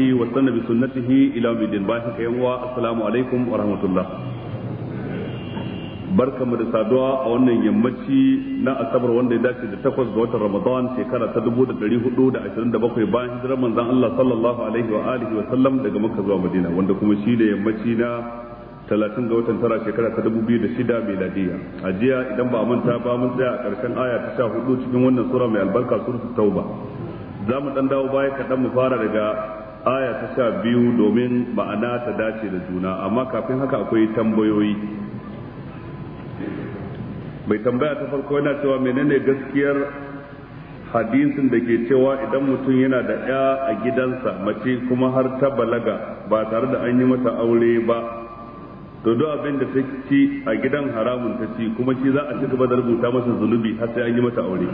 واستنى بسنته الى يوم الدين بارك السلام عليكم ورحمه الله barkamu da saduwa a wannan yammaci na asabar wanda ya dace da takwas ga watan ramadan shekara ta dubu da dari hudu da ashirin da bakwai bayan hijirar manzon Allah sallallahu alaihi wa alihi wa sallam daga makka zuwa madina wanda kuma shi da yammaci na talatin ga watan tara shekara ta dubu biyu da shida miladiya a jiya idan ba a manta ba mun tsaya a karshen aya ta sha hudu cikin wannan sura mai albarka suratul tauba za mu dan dawo baya kaɗan mu fara daga aya ta sha biyu domin ma'ana ta dace da juna amma kafin haka akwai tambayoyi mai tambaya ta farko yana cewa menene gaskiyar hadisin da ke cewa idan mutum yana da ya a gidansa mace kuma har ta balaga ba tare da an yi mata aure ba to duk abin da ta ci a gidan haramun ta ci kuma shi za a ci gaba da rubuta masa zunubi har sai an yi mata aure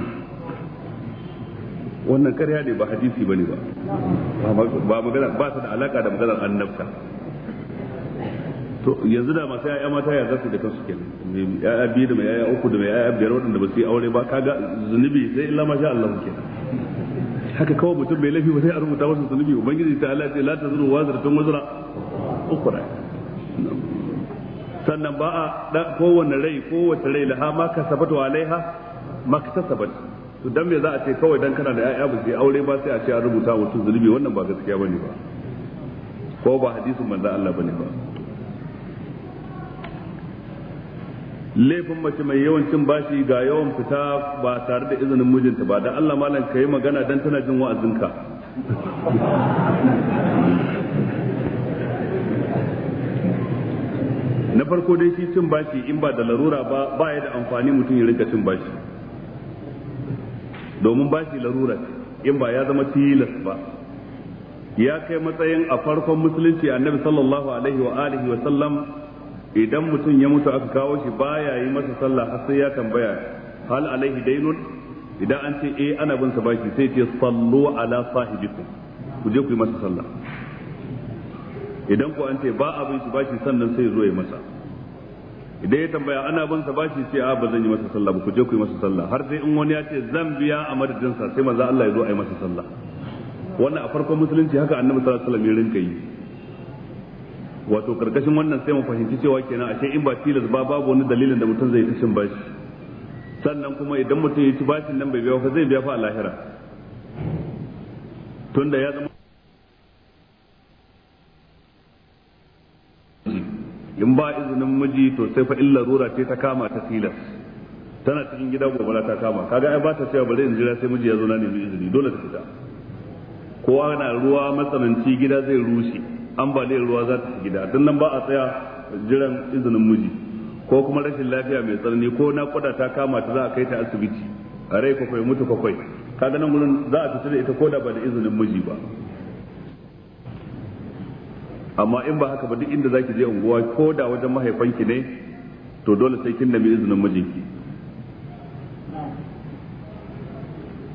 wannan karya ne ba hadisi bane ba ba magana ba ta da alaka da maganar annabta to yanzu da masu ya'ya mata ya zasu da kansu ke ya'ya biyu da mai ya'ya uku da mai ya'ya biyar waɗanda ba su yi aure ba kaga zunubi sai illa ma sha Allah muke haka kawai mutum bai laifi ba sai a rubuta masa zunubi ubangiji ta Allah ce la tazuru wazratun uku ukhra sannan ba a kowane rai kowace rai laha ma kasabatu alaiha ma kasabat to dan me za a ce kawai dan kana da yaya ba sai aure ba sai a ce a rubuta mutum zulubi wannan ba gaskiya bane ba ko ba hadisin manzo Allah bane ba laifin mace mai yawan cin bashi ga yawan fita ba tare da izinin mijinta ba dan Allah malam kai magana dan tana jin ka. na farko dai shi cin bashi in ba da larura ba ba ya da amfani mutum ya rinka cin bashi domin bashi larura in ba ya zama tilas ba ya kai matsayin a farkon musulunci annabi sallallahu alaihi wa alihi wa sallam idan mutum ya mutu aka kawo shi baya yi masa sallah har sai ya tambaya hal alaihi dainun idan an ce eh ana bin sa bashi sai ce sallu ala sahibikum ku je ku yi masa sallah idan ku an ce ba abin shi bashi sannan sai zo ya masa idan ya tambaya ana bin sa bashi sai a ba zan yi masa sallah ba ku je ku yi masa sallah har sai in wani ya ce zan biya a madadin sa sai manzo Allah ya zo a yi masa sallah wannan a farkon musulunci haka annabi sallallahu alaihi wasallam ya rinka yi wato karkashin wannan sai mu fahimci cewa kenan ashe in ba tilas ba babu wani dalilin da mutum zai tashin bashi sannan kuma idan mutum ya ci bashin nan bai biya fa zai biya fa a lahira tunda ya zama in ba izinin miji to sai fa illa rura ce ta kama ta tila tana cikin gida gobara ta kama kaga ai ba ta cewa bari in jira sai miji ya zo na nemi izini dole ta fita ko ana ruwa matsananci gida zai rushe ambaliyar ruwa za ta ci gida dan nan ba a tsaya jiran izinin miji ko kuma rashin lafiya mai tsanani ko na kwada ta kama ta za a kai ta asibiti a rai kwakwai mutu kwakwai kaga nan gurin za a fita da ita ko da ba da izinin miji ba amma in ba haka ba duk inda zaki je unguwa ko da wajen mahaifanki ne to dole sai kin nemi izinin mijinki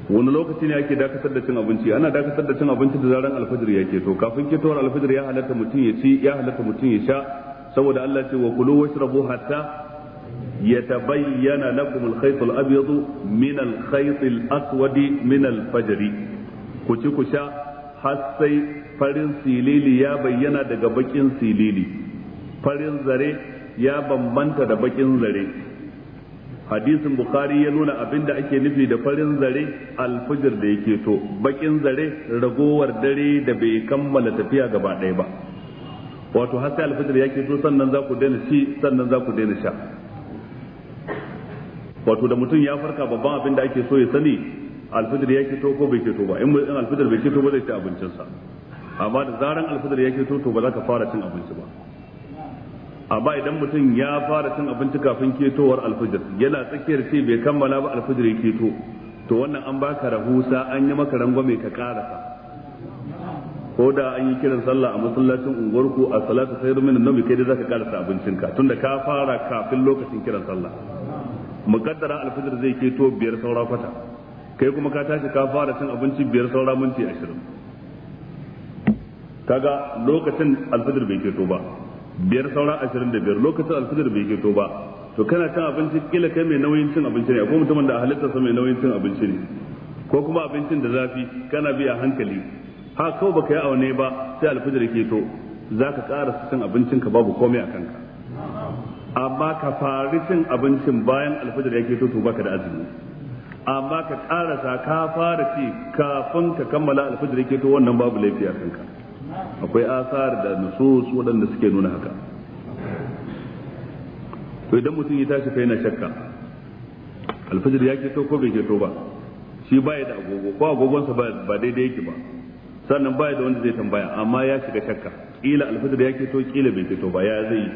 wani lokaci ne ake dakatar da cin abinci ana dakatar da cin abinci da zaran alfajir yake ke to kafin kitowar alfajir ya halatta mutum ya ci ya halatta mutum ya sha saboda Allah ce wa kulu washrabu hatta yatabayyana lakum al-khayt al-abyad min al-khayt al-aswad min al-fajr ku ci ku sha har sai farin silili ya bayyana daga bakin silili farin zare ya bambanta da bakin zare hadisin bukhari ya nuna abinda ake nufi da farin zare alfijir da yake to bakin zare ragowar dare da bai kammala tafiya gaba ɗaya ba wato har sai alfijir yake to sannan za ku daina ci sannan za ku daina sha wato da mutum ya farka babban abin da ake so ya sani alfajir ya fito ko bai fito ba in alfajir bai fito ba zai ci abincinsa amma da zaran alfajir ya fito to ba za ka fara cin abinci ba amma idan mutum ya fara cin abinci kafin ketowar alfajir yana tsakiyar ce bai kammala ba alfajir ya keto to wannan an baka rahusa an yi maka rangwame ka karasa ko da an yi kiran sallah a masallacin unguwarku a salatu sayar min bai kai dai zaka karasa abincinka tunda ka fara kafin lokacin kiran sallah muqaddara alfajir zai keto biyar saura kwata kai kuma ka tashi ka fara cin abinci biyar saura minti ashirin kaga lokacin alfajir bai keto ba biyar saura ashirin da biyar lokacin alfajir bai keto ba to kana cin abinci kila kai mai nauyin cin abinci ne akwai mutumin da su mai nauyin cin abinci ne ko kuma abincin da zafi kana biya hankali ha kawai baka yi aune ba sai alfajir ke to za ka ƙara cin abincin ka babu komai a kanka amma ka fari cin abincin bayan alfajir ya ke to baka da azumi amma ka karasa ka fara ci kafin ka kammala alfijir ke to wannan babu laifi a kanka akwai asar da nusus waɗanda suke nuna haka to idan mutum ya tashi fa yana shakka alfijir ya ke to ko bai ke to ba shi baya da agogo ko agogonsa ba daidai yake ba sannan baya da wanda zai tambaya amma ya shiga shakka kila alfijir ya ke to kila bai ke to ba ya zai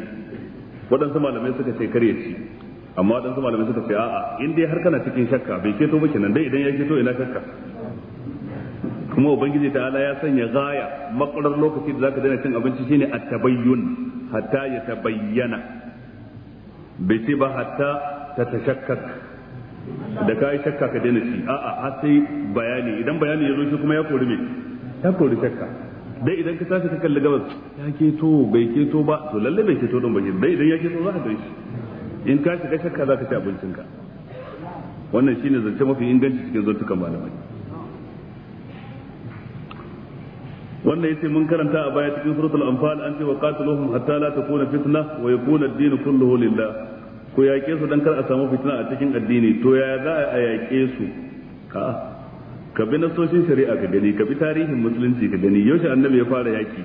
waɗansu malamai suka ce ya ci. amma waɗansu malamin suka ce a'a in dai har kana cikin shakka bai keto ba kenan dai idan ya keto ina shakka kuma ubangiji ta ala ya sanya gaya makarar lokaci da zaka daina cin abinci shine at-tabayyun hatta ya tabayyana bai ce ba hatta ta tashakkak da kai shakka ka daina ci a'a har sai bayani idan bayani ya zo shi kuma ya kori me ta kori shakka dai idan ka tashi ka kalli gabas ya keto bai keto ba to lalle bai keto din ba dai idan ya keto za ka shi in ka shiga shakka za ka ci abincinka wannan shine zance mafi inganci cikin zantukan malamai wannan yace mun karanta a baya cikin suratul anfal an ce wa qatiluhum hatta la takuna fitna wa yakuna ad-din kulluhu lillah ko yake su dan kar a samu fitna a cikin addini to ya za a yake su ka ka bi nasoshin shari'a ka gani ka bi tarihin musulunci ka gani yaushe annabi ya fara yaki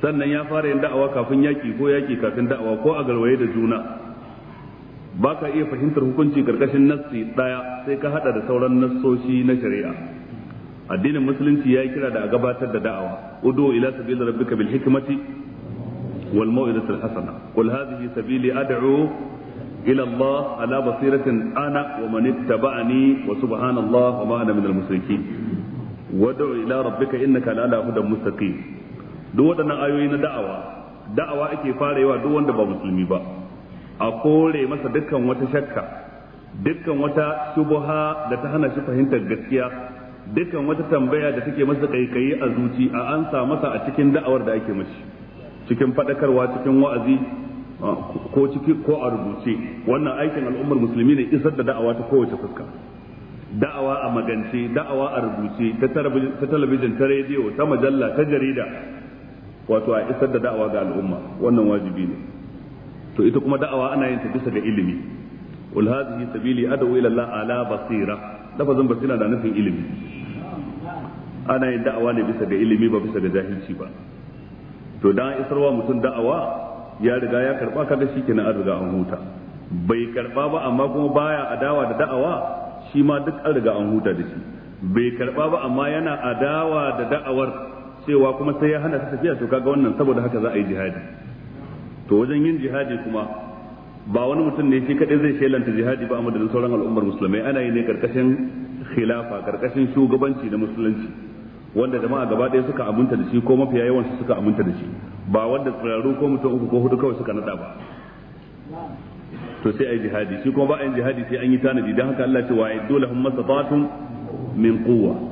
sannan ya fara yin da'awa kafin yaki ko yaki kafin da'awa ko a garwaye da juna ba ka iya fahimtar hukunci karkashin nassi daya sai ka hada da sauran nassoshi na shari'a addinin musulunci ya yi kira da a gabatar da da'awa udu ila sabili rabbika bil hikmati wal mau'izatil hasana qul hadhihi sabili ad'u ila Allah ala basiratin ana wa man ittaba'ani wa subhanallah wa ma ana minal musrikin wad'u ila rabbika innaka ala hudan mustaqim duk waɗannan ayoyi na da'awa da'awa ake farewa duk wanda ba musulmi ba a kore masa dukkan wata shakka dukkan wata shubuha da ta hana shi fahimtar gaskiya dukkan wata tambaya da take masa kaikayi a zuci a ansa masa a cikin da'awar da ake mashi cikin fadakarwa cikin wa'azi ko ciki ko a rubuce wannan aikin al'ummar musulmi ne isar da da'awa ta kowace fuska da'awa a magance da'awa a rubuce ta talabijin ta rediyo ta majalla ta jarida wato a isar da da'awa ga al'umma wannan wajibi ne to ita kuma da'awa ana yin ta bisa ga ilimi wal hadhihi sabili ad'u ila Allah ala basira lafazin basira da nufin ilimi ana yin da'awa ne bisa ga ilimi ba bisa ga jahilci ba to dan isarwa mutum da'awa ya riga ya karba kaga shikenan an riga an huta bai karba ba amma kuma baya adawa da da'awa shi ma duk an riga an huta da shi bai karba ba amma yana adawa da da'awar cewa kuma sai ya hana ta tafiya to kaga wannan saboda haka za a yi jihadi to wajen yin jihadi kuma ba wani mutum ne shi kadai zai shelanta jihadi ba a madadin sauran al'ummar musulmai ana yi ne karkashin khilafa karkashin shugabanci da musulunci wanda jama'a gaba ɗaya suka aminta da shi ko mafiya yawan su suka aminta da shi ba wanda tsirarru ko mutum uku ko hudu kawai suka nada ba to sai ai jihadi shi kuma ba ai jihadi sai an yi tanadi don haka Allah ce wa ayyadu lahum masatatun min quwwa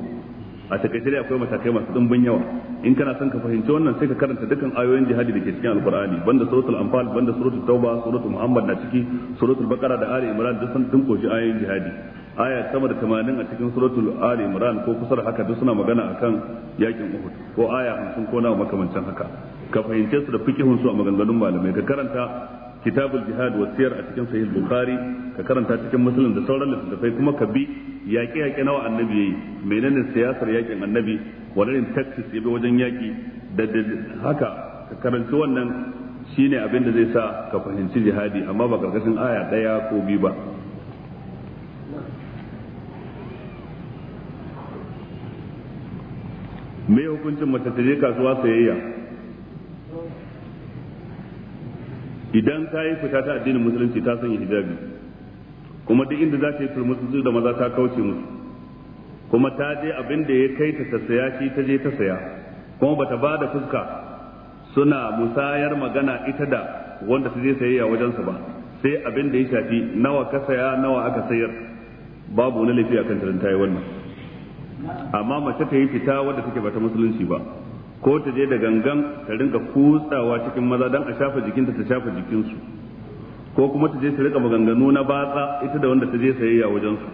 a takaice dai akwai matakai masu dimbin yawa in kana son ka fahimci wannan sai ka karanta dukkan ayoyin jihadi da ke cikin alqur'ani banda suratul anfal banda suratul tauba suratul muhammad na ciki suratul baqara da ali imran duk sun dinko shi ayoyin jihadi aya sama da 80 a cikin suratul ali imran ko kusar haka duk suna magana akan yakin uhud ko aya 50 ko nawa makamancin haka ka fahimce su da fikihun su a maganganun malamai ka karanta kitabul jihad wa siyar a cikin sahih bukhari ka karanta cikin muslim da sauran littattafai kuma ka bi yaƙe yaƙe nawa annabi yayi menene siyasar yaƙin annabi wadannan taxis ya bi wajen yaƙi da haka ka karanci wannan shine abin da zai sa ka fahimci jihadi amma ba karkashin aya ɗaya ko biyu ba me hukuncin mace ta je kasuwa sayayya idan ta yi fita ta addinin musulunci ta sanya hijabi kuma duk inda za ta yi turmutsu da maza ta kauce musu kuma ta je abin da ya kai ta saya shi ta je ta saya kuma bata ba da fuska suna musayar magana ita da wanda ta je sayayya wajensa ba sai abin da ya shafi nawa ka saya nawa aka sayar babu wani laifi akan tarin tayi wannan amma mace ta yi fita wadda take bata musulunci ba ko ta je da gangan ta rinka kutsawa cikin maza don a shafa jikinta ta shafa jikinsu ko kuma ta je ta rika maganganu na batsa ita da wanda ta je sayayya wajen su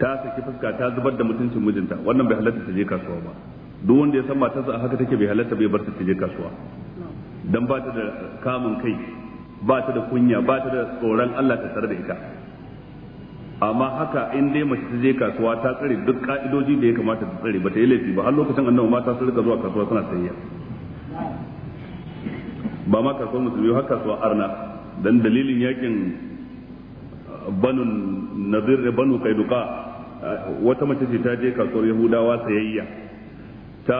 ta saki fuska ta zubar da mutuncin mijinta wannan bai halatta ta je kasuwa ba duk wanda ya san matarsa a haka take bai halatta bai bar ta je kasuwa dan ba ta da kamun kai ba ta da kunya ba ta da tsoron Allah ta tare da ita amma haka in dai mace ta je kasuwa ta tsare duk ka'idoji da ya kamata ta tsare ba ta yi laifi ba har lokacin annabi mata sun rika zuwa kasuwa suna sayayya ba ma kasuwar musulmi har kasuwa arna dan dalilin yakin uh, banu nadir da banu kaiduka uh, wata mace ce ta je kasuwar yahudawa sayayya ta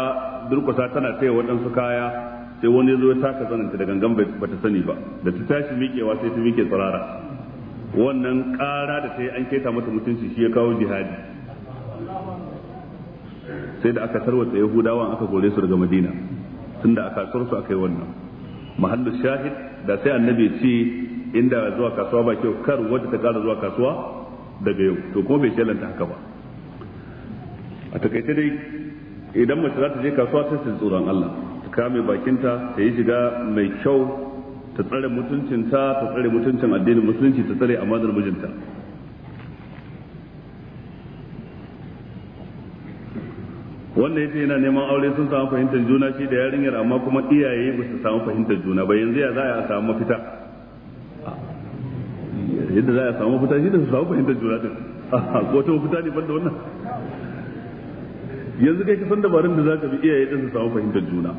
durkusa tana taya waɗansu kaya sai wani ya zo ya taka tsananta da gangan ba ta sani ba da ta tashi miƙewa sai ta miƙe tsirara wannan ƙara da ta yi an keta mata mutunci shi ya kawo jihadi sai da aka tarwata yahudawan aka gore su daga madina tunda a kasuwar su aka yi wannan mahallu shahid da sai annabi ce inda zuwa kasuwa ba kyau kar wadda ta kara zuwa kasuwa daga yau to kuma bai shelanta haka ba a takaice dai idan mace za ta je kasuwa ta ta tsoron Allah ta kame bakinta ta yi shiga mai kyau ta tsare mutuncinta ta tsare mutuncin addinin musulunci ta tsare amanar mijinta wanda yace yana neman aure sun samu fahimtar juna shi da yarinyar amma kuma iyaye ba su samu fahimtar juna ba yanzu ya za a samu mafita yadda za a samu mafita shi da su samu fahimtar juna din ko ta mafita ne banda wannan yanzu kai ka dabarun da ka bi iyaye din su samu fahimtar juna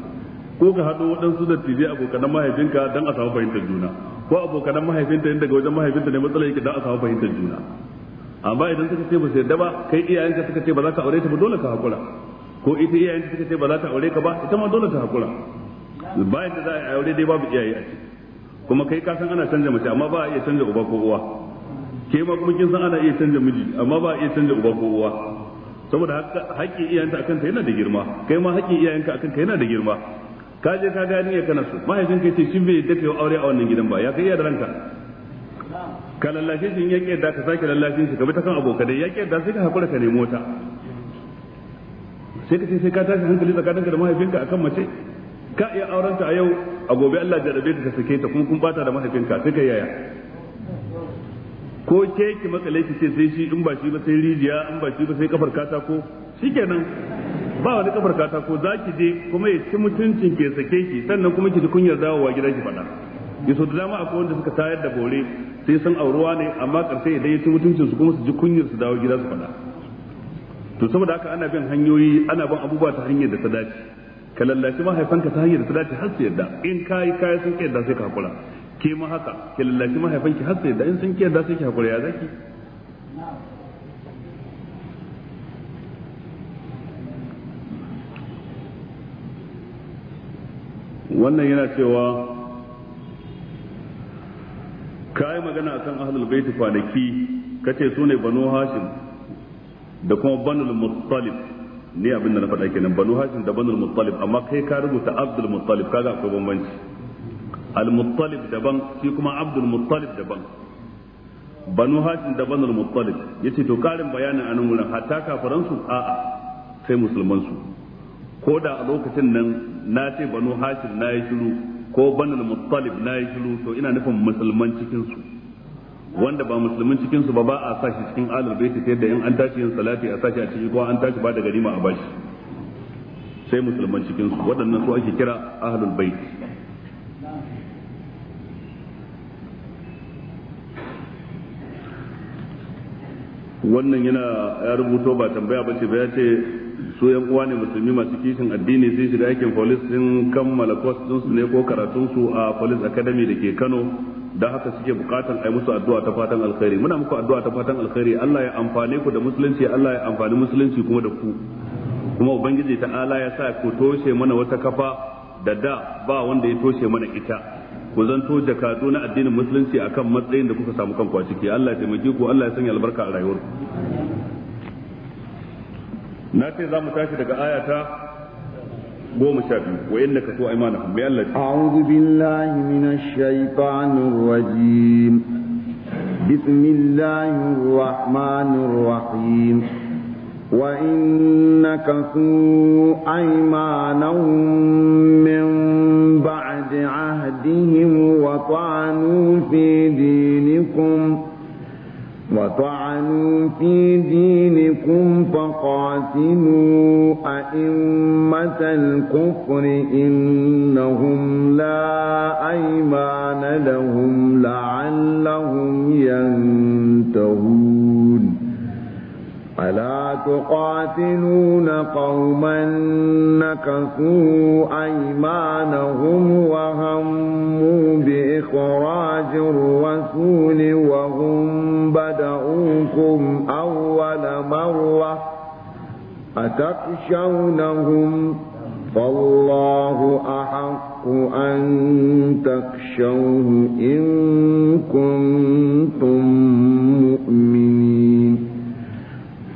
ko ka haɗo waɗansu da tije abokanan mahaifinka don a samu fahimtar juna ko abokanan mahaifinta yin daga wajen mahaifinta ne matsalar yake don a samu fahimtar juna amma idan suka ce ba su yadda ba kai iyayenka suka ce ba za ka aure ta ba dole ka haƙura ko ita iyayen ta suka ce ba za ta aure ka ba ita ma dole ta hakura bayan da za a aure dai babu iyaye a kuma kai ka san ana canza mace amma ba a iya canza uba ko uwa ke ma kuma kin san ana iya canza miji amma ba a iya canza uba ko uwa saboda haƙƙin iyayenta akan ka yana da girma kai ma haƙƙin iyayenka akan ka yana da girma ka je ka gani ya kana so mahaifin ka ce shi bai yadda kai aure a wannan gidan ba ya kai iya da ranka ka lallashe shi in yaƙi yadda ka sake lallashe shi ka bi ta kan abokanai ya ƙi yadda sai ka hakura ka nemi wata sai kace sai ka tashi hankali tsakaninka da mahaifinka akan mace ka iya auren ta a yau a gobe Allah jarabe ta sake ta kuma kun bata da mahaifinka sai ka yaya ko ke ki makale ki ce sai shi in ba shi ba sai rijiya in ba shi ba sai kafar katako shikenan ba wani kafar katako za ki je kuma ya ci mutuncin ke sake ki sannan kuma ki ji yarda wa gida ki faɗa yaso da dama akwai wanda suka tayar da bore sai sun auruwa ne amma karshe idan ya ci mutuncin su kuma su ji kunyar su dawo gida su faɗa to saboda haka ana bin hanyoyi ana bin abubuwa ta hanyar da ta dace ka lallashi mahaifanka ta hanyar da ta dace har su yadda in kayi kaya sun da sai ka hakura ke ma haka ki lallashi mahaifanki har su yadda in sun da sai ki hakura ya zaki wannan yana cewa ka yi magana akan ahlul baiti kwanaki ce su ne banu hashim da kuma banul muttalib ne abin da na faɗa kenan banu hashim da banul muttalib amma kai ka rubuta abdul muttalib kaga akwai bambanci al muttalib daban shi kuma abdul muttalib daban banu hashim da banul muttalib yace to karin bayanin anan wurin hatta kafaran su a'a sai musulman su ko da a lokacin nan na ce banu hashim na yi shiru ko banul muttalib na yi shiru to ina nufin musulman cikin su wanda ba musulmin cikin su ba ba a sashi cikin alal baiti ta yadda in an tashi yin salati a sashi a cikin ko an tashi ba da ganima a bashi sai musulman cikin su waɗannan su ake kira ahlul bait wannan yana ya rubuto ba tambaya ba ce ba ya ce su yan uwa ne musulmi masu kishin addini sun shiga aikin police sun kammala course din su ne ko karatun su a police academy da ke Kano da haka suke bukatan ai musu addu'a ta fatan alkhairi muna muku addu'a ta fatan alkhairi Allah ya amfane ku da musulunci Allah ya amfani musulunci kuma da ku kuma ubangiji ala ya sa ku toshe mana wata kafa da da ba wanda ya toshe mana ita ku zanto jakadu na addinin musulunci akan matsayin da kuka samu kanku a ciki Allah ya taimake ku Allah ya sanya albarka a rayuwarku na ce za mu tashi daga ayata goma sha biyu wa yadda ka so aimanahum mai Allah a'udhu billahi minash shaitanir rajim bismillahir rahmanir rahim وإن نكثوا أيمانهم من بعد عهدهم وطعنوا في دينكم وطعنوا في دينكم فقاتلوا أئمة الكفر إنهم لا أيمان لهم لعلهم ينتهون ألا تقاتلون قوما نكثوا أيمانهم وهموا بإخراج الرسول وهم مرة أتخشونهم فالله أحق أن تخشوه إن كنتم مؤمنين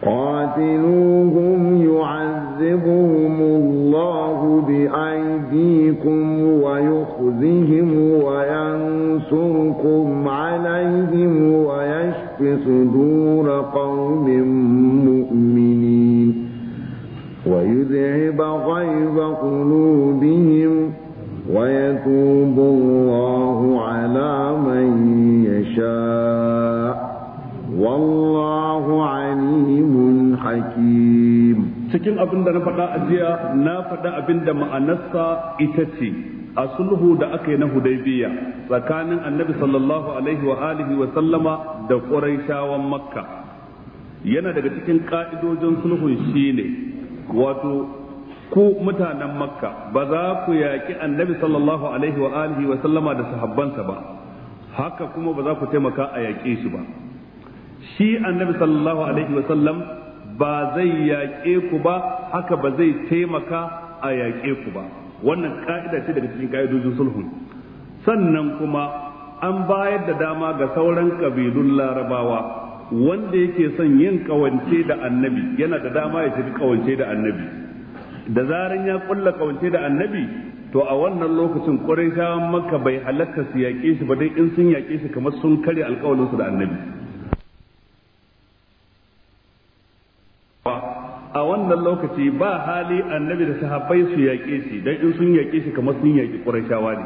قاتلوهم يعذبهم الله بأيديكم ويخزهم وينصركم عليهم ويشف صدور قوم ويذهب غيظ قلوبهم ويتوب الله على من يشاء والله عليم حكيم cikin abin da na faɗa a jiya na faɗa abin da ma'anarsa ita ce a sulhu da aka yi na hudaybiya tsakanin annabi sallallahu alaihi wa alihi wa sallama da ƙuraishawan makka yana daga cikin ƙa'idojin sulhun shine wato ku mutanen makka ba za ku yaƙi annabi sallallahu alaihi wa alihi wa sallama da sahabbansa ba haka kuma ba za ku taimaka a yaƙe su ba shi annabi sallallahu alaihi wa sallam ba zai yaƙe ku ba haka ba zai taimaka a yaƙe ku ba wannan ka'ida ce daga cikin ka'idojin sulhun sannan kuma an bayar da dama ga sauran ƙabilun larabawa wanda yake son yin kawance da annabi yana da dama ya shiga kawance da annabi da zaran ya kulla kawance da annabi to a wannan lokacin ƙurayshawan maka bai halatta su yaƙe shi ba dai in sun yaƙe shi kamar sun kare alƙawalinsu da annabi a wannan lokaci ba hali annabi da sahabbai su yaƙe shi dan in sun yaƙe shi kamar sun yaƙi ƙurayshawa ne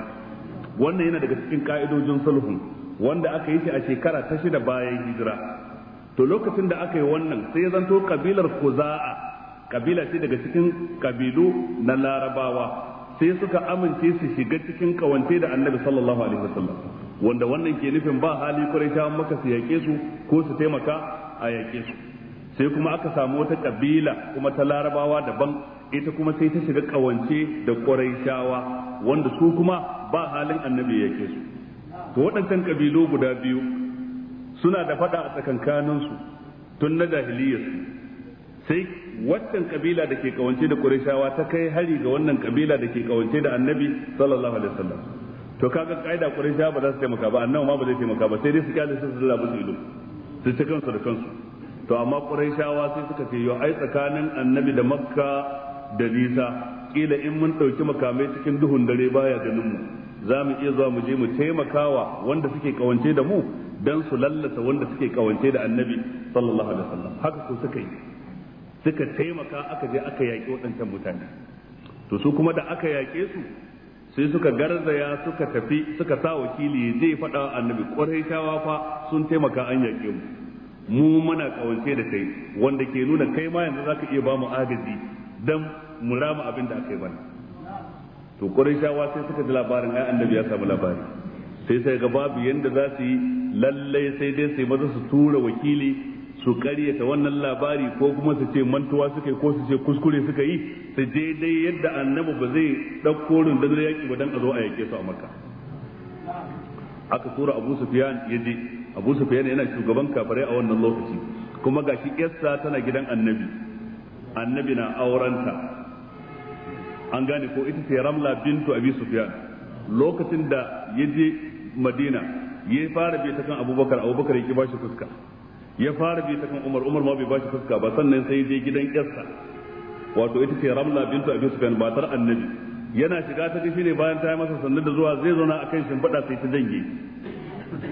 wannan yana daga cikin ka'idojin sulhun wanda aka yi shi a shekara ta shida bayan hijira to lokacin da aka yi wannan sai ya zanto kabilar kuza'a kabila ce daga cikin kabilu na larabawa sai suka amince su shiga cikin kawance da annabi sallallahu alaihi wasallam wanda wannan ke nufin ba hali quraishawan maka su yake su ko su taimaka a yake su sai kuma aka samu wata kabila kuma ta larabawa daban ita kuma sai ta shiga kawance da quraishawa wanda su kuma ba halin annabi yake su to waɗancan kabilu guda biyu suna da fada a tsakankaninsu tun na jahiliyarsu sai waccan kabila da ke kawance da Qurayshawa ta kai hari ga wannan kabila da ke kawance da Annabi sallallahu alaihi wasallam to kaga kaida Qurayshawa ba za su taimaka ba annabi ma ba zai taimaka ba sai dai su kyale su zulla musu ido su ci kansu da kansu to amma Qurayshawa sai suka ce yo ai tsakanin Annabi da Makka da nisa kila in mun dauki makamai cikin duhun dare baya ganin mu za mu iya zuwa mu je mu taimakawa wanda suke kawance da mu dan su lallata wanda suke kawance da annabi sallallahu alaihi wasallam haka ko suka yi suka taimaka aka je aka yaƙi waɗancan mutane to su kuma da aka yaƙe su sai suka garzaya suka tafi suka sa wakili zai faɗa annabi ƙwarai fa sun taimaka an yaƙe mu mu muna kawance da kai wanda ke nuna kai ma yanzu zaka iya ba mu agaji dan mu rama abin da aka yi bana to tawa sai suka ji labarin ai annabi ya samu labari sai sai ga babu yanda za su yi lallai sai dai sai maza su tura wakili su karyata wannan labari ko kuma su ce mantuwa suka yi ko su ce kuskure suka yi su je dai yadda annabi ba zai ɗauko rundunar yaƙi ba dan a zo a yake su a maka. aka tura abu sufiyan ya je abu sufiyan yana shugaban kafare a wannan lokaci kuma gashi yasa tana gidan annabi annabi na aurenta an gane ko ita ce ramla bintu abi sufiyan lokacin da ya je madina ya fara bi ta kan abubakar abubakar ya ki bashi fuska ya fara bi ta kan umar umar ma bai bashi fuska ba sannan sai je gidan yarsa wato ita ce ramla bintu abi sufyan matar annabi yana shiga ta gashi ne bayan ta yi masa sannu da zuwa zai zauna akan fada sai ta dange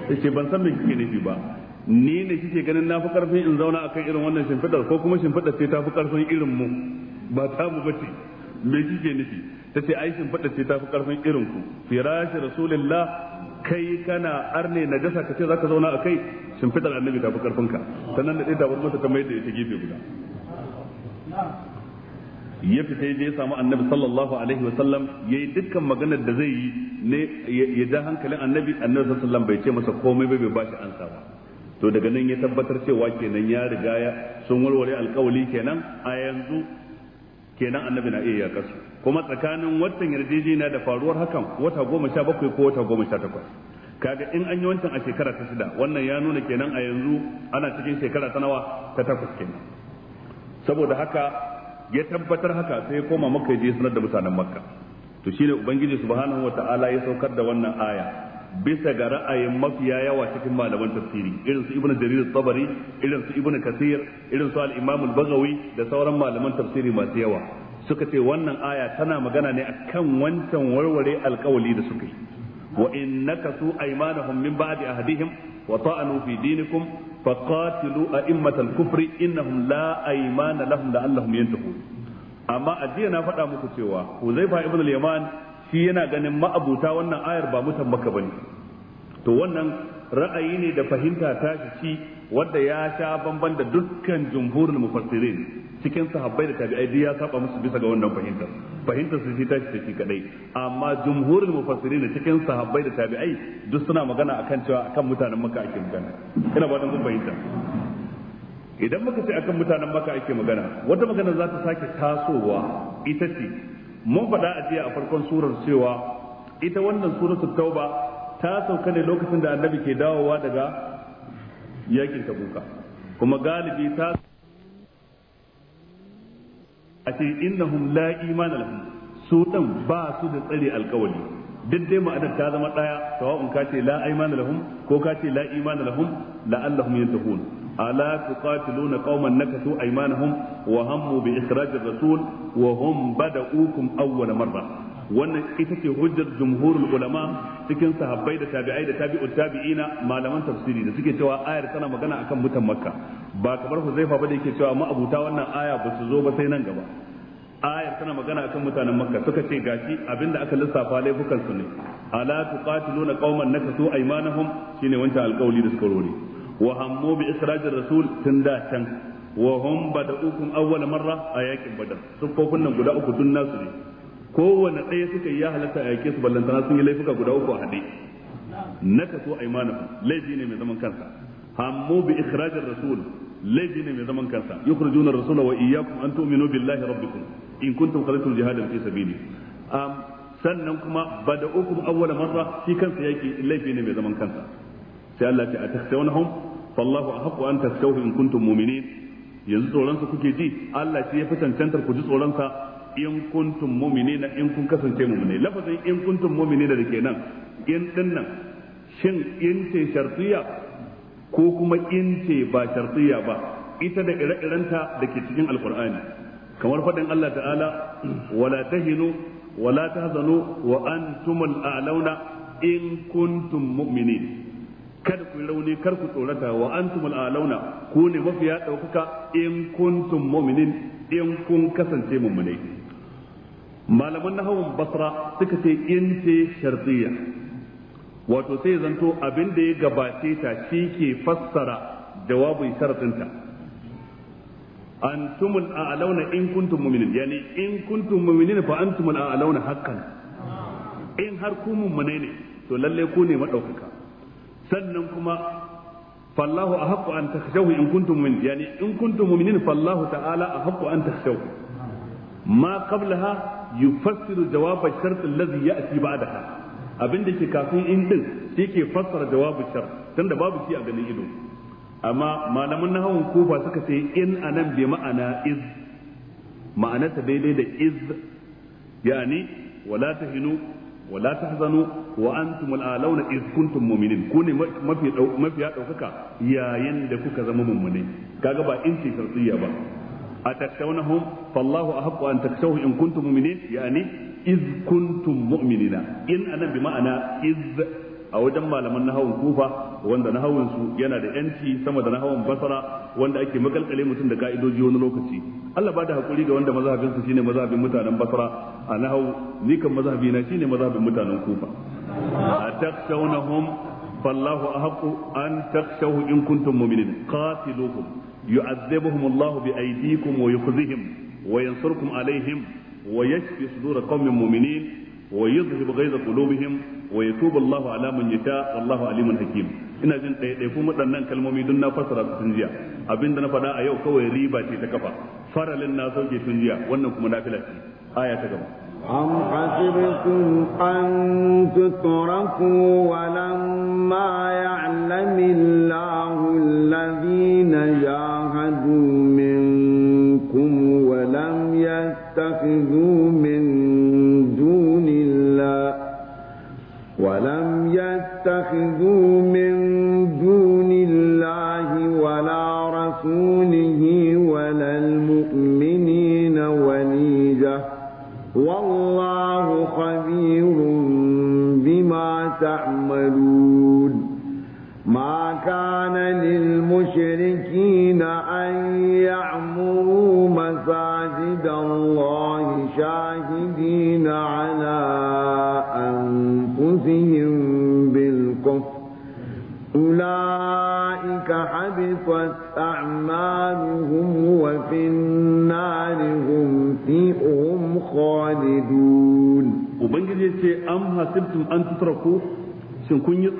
ta ce ban san me kike nufi ba ni ne kike ganin na fi karfin in zauna akan irin wannan shimfiɗar ko kuma shimfiɗar sai ta fi karfin irin mu ba ta mu bace me kike nufi ta ce ai shimfiɗar sai ta fi karfin irin ku firashi rasulullah kai kana arne na jasa ka ce zaka zauna a kai fitar annabi ta fi karfinka sannan da ɗaya masa ta mai da ita gefe guda ya fita ya ya samu annabi sallallahu alaihi wasallam ya yi dukkan maganar da zai yi ne ya ja hankalin annabi annabi sallallahu bai ce masa komai bai ba shi ansa ba to daga nan ya tabbatar cewa kenan ya riga ya sun warware alkawali kenan a yanzu kenan annabi na iya yaƙar su kuma tsakanin watan yarjejeniya da faruwar hakan wata goma sha bakwai ko wata goma sha takwas kaga in an yi wancan a shekara ta shida wannan ya nuna kenan a yanzu ana cikin shekara ta nawa ta takwas kenan saboda haka ya tabbatar haka sai ya koma makka ya je sanar da mutanen makka to shine ubangiji subhanahu wataala ya saukar da wannan aya bisa ga ra'ayin mafiya yawa cikin malaman tafsiri irin su ibnu jarir tabari irin su ibnu kasir irin su al-imam al da sauran malaman tafsiri masu yawa suka ce wannan aya tana magana ne akan wancan warware alkawali da suka yi wa in nakasu aymanahum min ba'di ahdihim wa ta'anu fi dinikum faqatilu a'immatal kufri innahum la aymana lahum la'allahum yantahun amma ajiya na faɗa muku cewa Huzaifa ibnu al-Yaman shi yana ganin ma'abuta wannan ayar ba mutan maka bane to wannan ra'ayi ne da fahimta ta shi wanda ya sha bamban da dukkan jumhurul mufassirin cikin sahabbai da tabi'ai duk ya saba musu bisa ga wannan fahimtar fahimtar su shi tashi shi kadai amma jumhurul mufassirin cikin sahabbai da tabi'ai duk suna magana akan cewa akan mutanen maka ake magana ina ba dan mun fahimta idan muka ce akan mutanen maka ake magana wata magana za ta sake tasowa ita ce mun faɗa a jiya a farkon surar cewa ita wannan surar tauba ta sauka ne lokacin da annabi ke dawowa daga yakin tabuka kuma galibi ta a ce innahum la imana lahum su dan ba su da tsare alkawali duk dai ma'anar ta zama daya sawa'un ka ce la ko ka ce la imana lahum la'allahum yantahun Ala ألا تقاتلون قوما نكثوا أيمانهم وهموا بإخراج الرسول وهم بدأوكم أول مرة wannan ita ce hujjar jumhurul ulama cikin sahabbai da tabi'ai da tabi'u tabi'ut tabi'ina malaman tafsiri da suke cewa ayar tana magana akan mutan makka ba kamar huzaifa ba da yake cewa ma'abuta wannan aya ba su zo ba sai nan gaba ayar tana magana akan mutanen makka suka ce gashi abinda aka lissafa laifukan su ne ala tuqatiluna qauman nakasu aymanahum shine wancan alqawli da suka wa hammu bi israjir rasul tun da can wa hum bada'ukum awwal marra a yakin badar sufofin nan guda uku dun nasu ne kowanne ɗaya suka yi ya halatta a su ballantana sun yi laifuka guda uku a haɗe na kaso aimanahum laifi ne mai zaman kansa hammu bi ikhrajir rasul laifi ne mai zaman kansa yukhrijuna ar-rasul wa iyyakum an tu'minu billahi rabbikum in sannan kuma bada'ukum awwal marra shi kansa laifi ne mai zaman kansa sai Allah ta atakhshawnahum fallahu ahqqu an takhshawhu in kuntum mu'minin yanzu tsoron sa kuke ji Allah ce ya fi cancantar ku ji tsoron sa in kuntum mu'minina in kun kasance mu'minai lafazin in kuntum mu'minina da kenan in nan, shin in ce shartiya ko kuma in ce ba shartiya ba ita da ire-irenta da ke cikin alkur'ani kamar faɗin Allah ta'ala wala tahinu wala tahzanu wa antumul a'launa in kuntum mu'minin kada ku rauni kar ku tsorata wa antumul alauna ku ne mafiya daukaka in kuntum mu'minin in kun kasance mu'minai malaman nahawun basra suka ce in ce shartiya wato sai zanto abin da ya gabace ta shi ke fassara jawabin sharatinta antumul a'launa in kuntum mu'minin yani in kuntum mu'minin fa antumul a'launa haqqan in har ku mu'minai ne to lalle ku ne madaukaka sannan kuma fallahu an in kuntum mu'minin yani in kuntum mu'minin fallahu ta'ala ahaqqu an takhshawhu ma qablaha yufassiru jawab shart alladhi ya'ti ba'daha abinda ke kafin in din fassara jawabin shart tunda babu shi a ganin ido amma malaman nahawun kufa suka ce in anan bi ma'ana iz ma'anarta daidai da iz yani wala tahinu wala tahzanu wa antum al'alawna iz mu'minin kune ne mafi mafiya daukaka yayin da kuka zama mummune kaga ba in ce shartiyya ba a atattawnahum fallahu ahqqu an taktahu in kuntum mu'minin yani iz kuntum mu'minina in anan bi ma'ana a wajen malaman nahawun kufa wanda nahawun su yana da yanci sama da nahawun basara wanda ake makalkale mutum da ka'idoji wani lokaci Allah ba da hakuri ga wanda mazhabin su shine mazhabin mutanen basara a nahawu ni kan mazhabi na shine mazhabin mutanen kufa atakshawnahum fallahu ahqqu an takshahu in kuntum mu'minin qatiluhum yu'adhibuhum Allahu bi aydikum wa yukhzihim wa yansurkum alaihim wa yashfi sudur qaumin mu'minin wa yuzhibu ghaiza qulubihim wa yatubu Allahu ala man yasha wallahu alimun hakim ina jin ɗaiɗai kuma waɗannan kalmomi don na fassara su tun jiya abinda na faɗa a yau kawai riba ce ta kafa faralin na sauke tun jiya wannan kuma nafila ce aya ta gaba أم حسبتم أن تتركوا ولما يعلم الله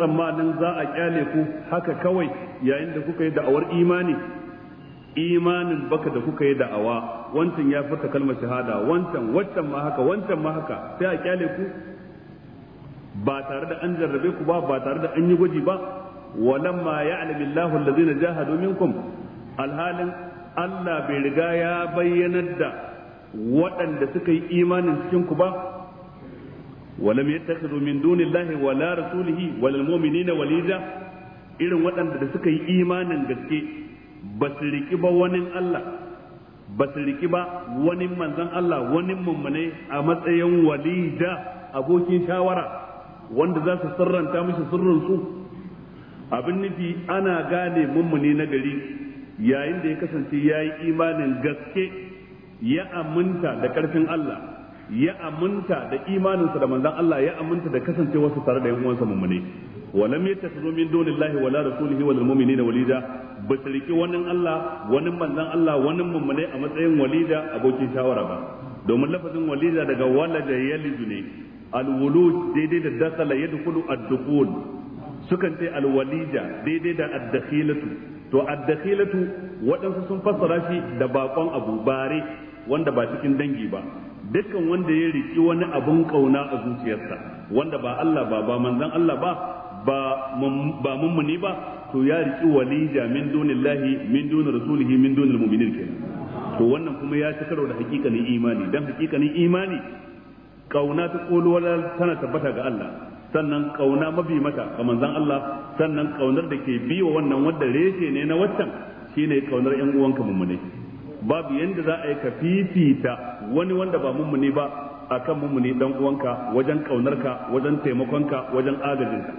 tsammanin za a kyale ku haka kawai yayin da kuka yi da'awar imani imanin baka da kuka yi da'awa wancan ya furta kalmar shahada wancan wancan ma haka wancan ma haka sai a kyale ku ba tare da an jarrabe ku ba ba tare da an yi gwaji ba walamma ya'lamu Allahu allazina jahadu minkum alhalin Allah bai riga ya bayyanar da waɗanda suka yi imanin cikin ku ba ولم يتخذوا من دون الله ولا رسوله ولا المؤمنين وليدا irin waɗanda da suka yi imanin gaske ba su riƙi ba wani Allah ba su riƙi ba wani manzan Allah wani mummune a matsayin walida abokin shawara wanda za su sirranta mishi sirrin su abin nufi ana gane mummune na gari yayin da ya kasance ya yi imanin gaske ya aminta da ƙarfin Allah ya aminta da imaninsa da manzon Allah ya aminta da kasancewar sa tare da yan uwansa mumune wa lam yatakhudhu min dunillahi wala rasulihi wal mu'minina walida basirki wannan Allah wannan manzon Allah wani mumune a matsayin walida abokin shawara ba domin lafazin walida daga walada yalidu ne al daidai da dakala yadkhulu ad dukhul suka ce al walida daidai da ad to ad waɗansu wadansu sun fassara shi da bakon abubare wanda ba cikin dangi ba dukkan wanda ya riki wani abun kauna a zuciyarsa wanda ba Allah ba ba manzon Allah ba ba ba mummuni ba to ya riki walija min dunillahi min dun rasulihi min dunil mu'minin kenan to wannan kuma ya ci karo da hakikanin imani dan hakikanin imani kauna ta wala tana tabbata ga Allah sannan kauna mabi mata ga manzon Allah sannan kaunar da ke biwa wannan wanda reshe ne na waccan shine kaunar yan uwanka mummune babu yadda za a yi ka fifita wani wanda ba mummuni ba akan mummuni dan uwanka wajen kaunarka wajen taimakonka wajen agajinka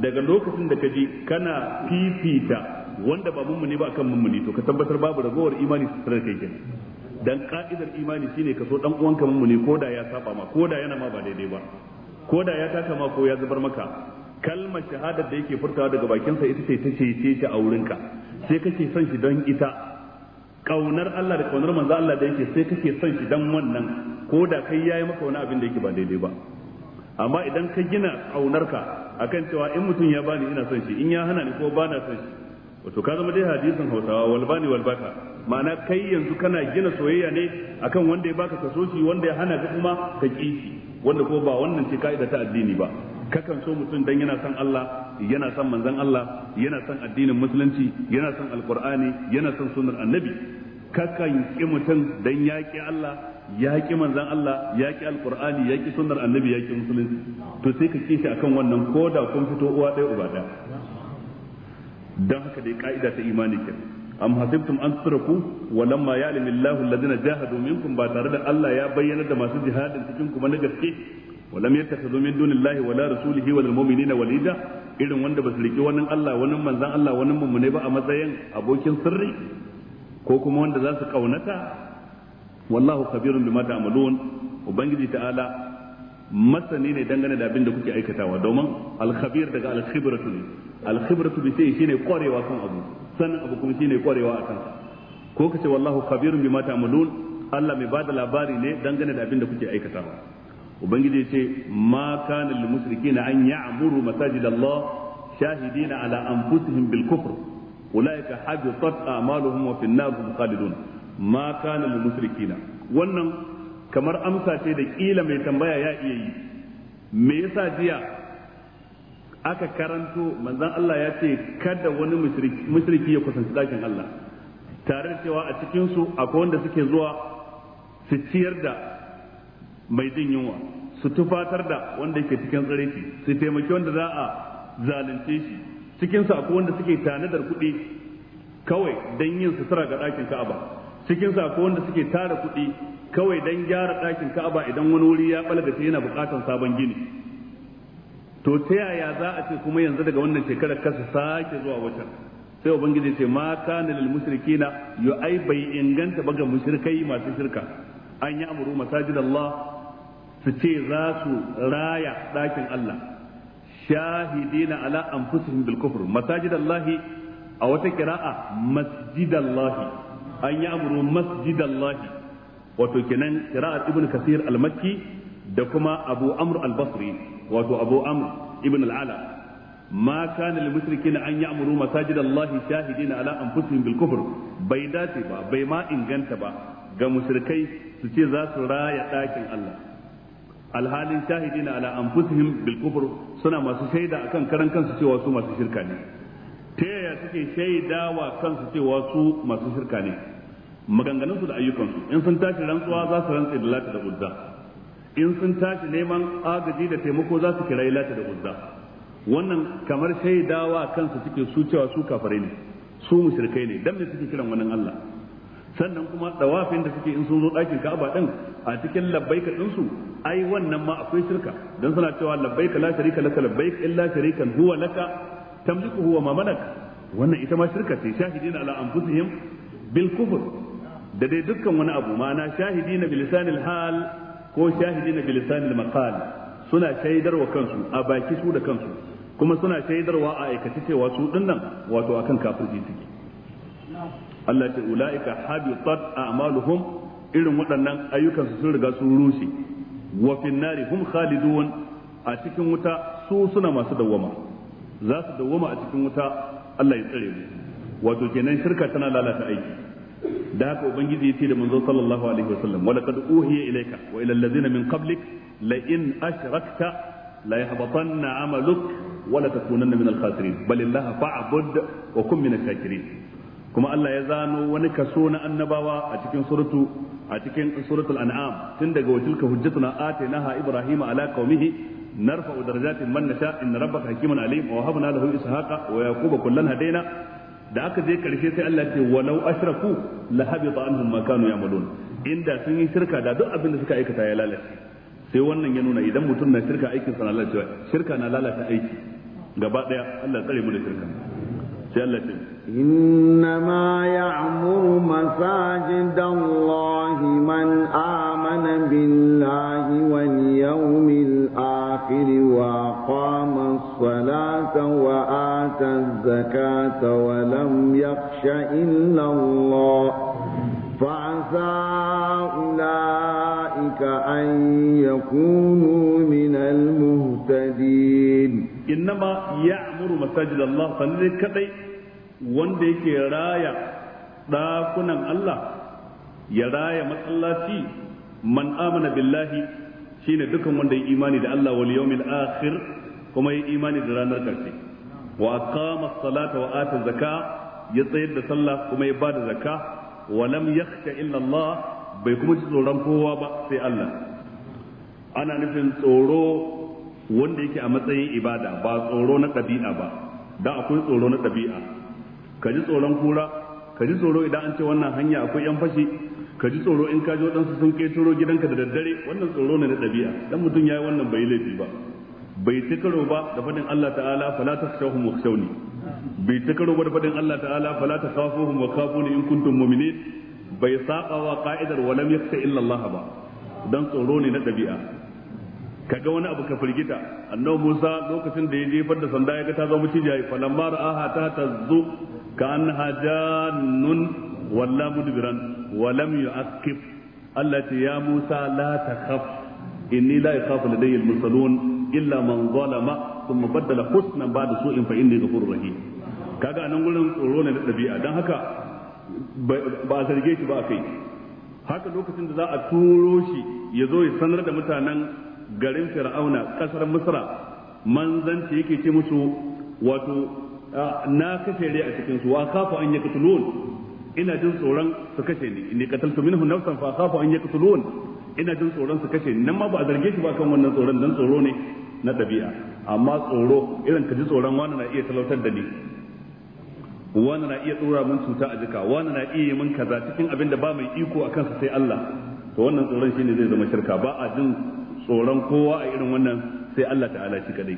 daga lokacin da ka ji kana fifita wanda ba mummuni ba akan mummuni to ka tabbatar babu ragowar imani su tare kai gina dan ka'idar imani shine ka so dan uwanka mummuni da ya saba ma ko da yana ma ba daidai ba ko da ya taka ma ko ya zubar maka kalmar shahadar da yake furtawa daga bakinsa ita ce ta cece ta a wurinka sai kake son shi don ita kaunar Allah da kaunar manzo Allah da yake sai kake son shi dan wannan ko da kai yayi maka wani abin da yake ba daidai ba amma idan ka gina kaunarka akan cewa in mutum ya bani ina son shi in ya hana ni ko ba na son shi wato ka zama dai hadisin Hausawa wal bani wal baka ma'ana kai yanzu kana gina soyayya ne akan wanda ya baka ka shi wanda ya hana ka kuma ka ki shi wanda ko ba wannan ce ka'ida ta addini ba kakan so mutum dan yana son Allah yana son manzan Allah yana son addinin musulunci yana son alkurani yana son sunar annabi kakan ki mutum dan yaki Allah ya manzan Allah ya ki alkur'ani ya sunar annabi ya ki musulunci to sai ka kishi akan wannan ko da kun fito uwa ɗaya uba ɗaya haka dai ka'ida ta imani ke am hasibtum an turaku wa lamma ya'lamu Allahu alladhina jahadu minkum ba tare da Allah ya bayyana da masu jihadin cikin ku ba na gaske wa lam yattakhidhu min dunillahi wala rasulihi wal mu'minina walida irin wanda ba su riƙi wani Allah wani manzan Allah wani mummune ba a matsayin abokin sirri ko kuma wanda za su ƙaunata. wallahu khabirun bima ta'malun ubangiji ta'ala masani ne dangane da abin da kuke aikatawa domin al-khabir daga al-khibratu ne al-khibratu bi sai shine kwarewa kan abu sanin abu kuma shine kwarewa akan ko kace wallahu khabirun bima ta'malun Allah mai bada labari ne dangane da abin da kuke aikatawa ubangiji ce ma kana lil musrikin an ya'muru masajid Allah shahidina ala anfusihim bil kufr ulaika habitat a'maluhum wa fin nar hum khalidun ma kana lil musrikin wannan kamar amsa ce da kila mai tambaya ya iya yi me yasa jiya aka karanto manzon Allah ya ce kada wani mushriki ya kusanci dakin Allah tare da cewa a cikin su akwai wanda suke zuwa su ciyar da mai jin yunwa su tufatar da wanda yake cikin tsiraici su taimaki wanda za a zalunce shi cikin su akwai wanda suke tanadar kuɗi kawai don yin sutura ga ɗakin Ka'aba cikin su akwai wanda suke tara kuɗi kawai don gyara ɗakin Ka'aba idan wani wuri ya balgace yana buƙatar sabon gini to ta yaya za a ce kuma yanzu daga wannan shekarar kasa sake zuwa wata sai ubangiji ce ma kana lil mushrikina yu ai bai inganta ba ga mushrikai masu shirka an yi amuru masajidallah Allah su ce za su raya ɗakin Allah shahidina ala anfusihim bil kufr masajidallahi a wata kira'a masjidallahi an yi amuru masjidallahi wato kenan kira'ar ibn kasir al-makki da kuma abu amr al-basri wato abu amr ibn al-ala ما كان للمشركين أن يأمروا shahidina ala شاهدين على أنفسهم بالكفر بيداتي ba bai ma inganta ba ga mushrikai su ce za su raya ɗakin Allah alhalin na ala anfusihim bil kufr suna masu shaida akan karan kansu cewa su masu shirka ne ta yaya suke wa kansu cewa su masu shirka ne maganganunsu da ayyukansu in sun tashi rantsuwa za su rantse da lati da uzza in sun tashi neman agaji da taimako za su kira lati da uzza wannan kamar shaida wa kansu suke su cewa su kafare ne su mushrikai ne dan me suke kiran wannan Allah sannan kuma dawafin da suke in sun zo ɗakin Ka'aba din a cikin labbaika ɗinsu ai wannan ma akwai shirka dan suna cewa labbaika la sharika laka labbaik illa sharikan huwa laka tamliku huwa ma malak wannan ita ma shirka ce shahidin ala anfusihim bil kufr da dai dukkan wani abu ma'ana shahidina bi lisanil hal ko shahidina bi lisanil maqal suna shaidarwa kansu a baki su da kansu kuma suna shaidarwa a aikace cewa su dinnan wato akan kafirci suke Allah ce ulaika habitat a'maluhum irin waɗannan ayyukan su sun riga sun rushe wa fin nari hum a cikin wuta su suna masu dawwama za su dawwama a cikin wuta Allah ya tsare mu wato kenan shirka tana lalata aiki da haka ubangiji yace da manzo sallallahu alaihi wasallam wa laqad uhiya ilayka wa ila allazina min qablik la in ashrakta la yahbatanna amaluk wa la takunanna min al-khasirin bal illaha fa'bud wa kun min shakirin kuma Allah ya zano wani kaso na annabawa a cikin suratu a cikin suratul an'am tun daga wajilka hujjatuna atainaha ibrahima ala qaumihi narfa'u darajatin man nasha inna rabbaka hakimun alim wa wahabna lahu ishaqa wa yaquba kullan hadaina da aka je karshe sai Allah ce walau ashraku la habita anhum ma kanu ya'malun inda sun yi shirka da duk abin da suka aikata ya lalace sai wannan ya nuna idan mutum na shirka aikin sa na lalacewa shirka na lalata aiki gaba daya Allah tsare mu da shirka إنما يعمر مساجد الله من آمن بالله واليوم الآخر وأقام الصلاة وآتى الزكاة ولم يخش إلا الله فعسى أولئك أن يكونوا ya ya'muru masajid Allah sannan kadai wanda yake raya ɗakunan Allah ya raya masallaci man amana billahi shine dukan wanda ya imani da Allah wal yawmil akhir kuma ya imani da ranar karshe wa aqama salata wa ata zaka ya tsayar da sallah kuma ya bada zakka wa lam yakhsha illa Allah bai kuma ji tsoron kowa ba sai Allah ana nufin tsoro wanda yake a matsayin ibada ba tsoro na ɗabi'a ba da akwai tsoro na ɗabi'a ka ji tsoron kura ka ji tsoro idan an ce wannan hanya akwai yan fashi ka ji tsoro in ka ji waɗansu sun turo gidanka da daddare wannan tsoro ne na ɗabi'a dan mutum ya yi wannan bai laifi ba bai ta karo ba da faɗin Allah ta'ala fala ta takhshawhum wakhshawni bai ta karo ba da faɗin Allah ta'ala fala takhafuhum wa khafuni in kuntum mu'minin bai saba wa ƙa'idar wa lam yakhsha illa ba dan tsoro ne na ɗabi'a kaga wani abu ka firgita annabi Musa lokacin da ya jefar da sanda ya ga ta zama mutija ya falamma aha ta tazu ka annaha nun walla mudbiran wa lam yu'aqqib Allah ce ya Musa la takhaf inni la yakhafu ladayya al-mursalun illa man zalama thumma baddala husnan ba'da su'in fa inni ghafurur rahim kaga nan gurin tsoro ne da dabi'a dan haka ba a zarge shi ba a kai haka lokacin da za a turo shi ya zo ya sanar da mutanen garin fir'auna kasar misra manzanci yake ce musu wato ah, na kashe ne a cikin su wa kafa an yaqtulun ina jin tsoron su kashe ni inni qataltu minhu nafsan fa kafa an yaqtulun ina jin tsoron su kashe ni nan ma ba a zarge shi ba kan wannan tsoron dan tsoro ne na dabi'a amma tsoro irin ka ji tsoron wani na iya talautar da ni wani na iya tsora mun cuta a jika wani na iya mun kaza cikin abin da ba mai iko a kansa sai Allah to wannan tsoron shine zai zama shirka ba a jin tsoron kowa a irin wannan sai Allah ta'ala shi kadai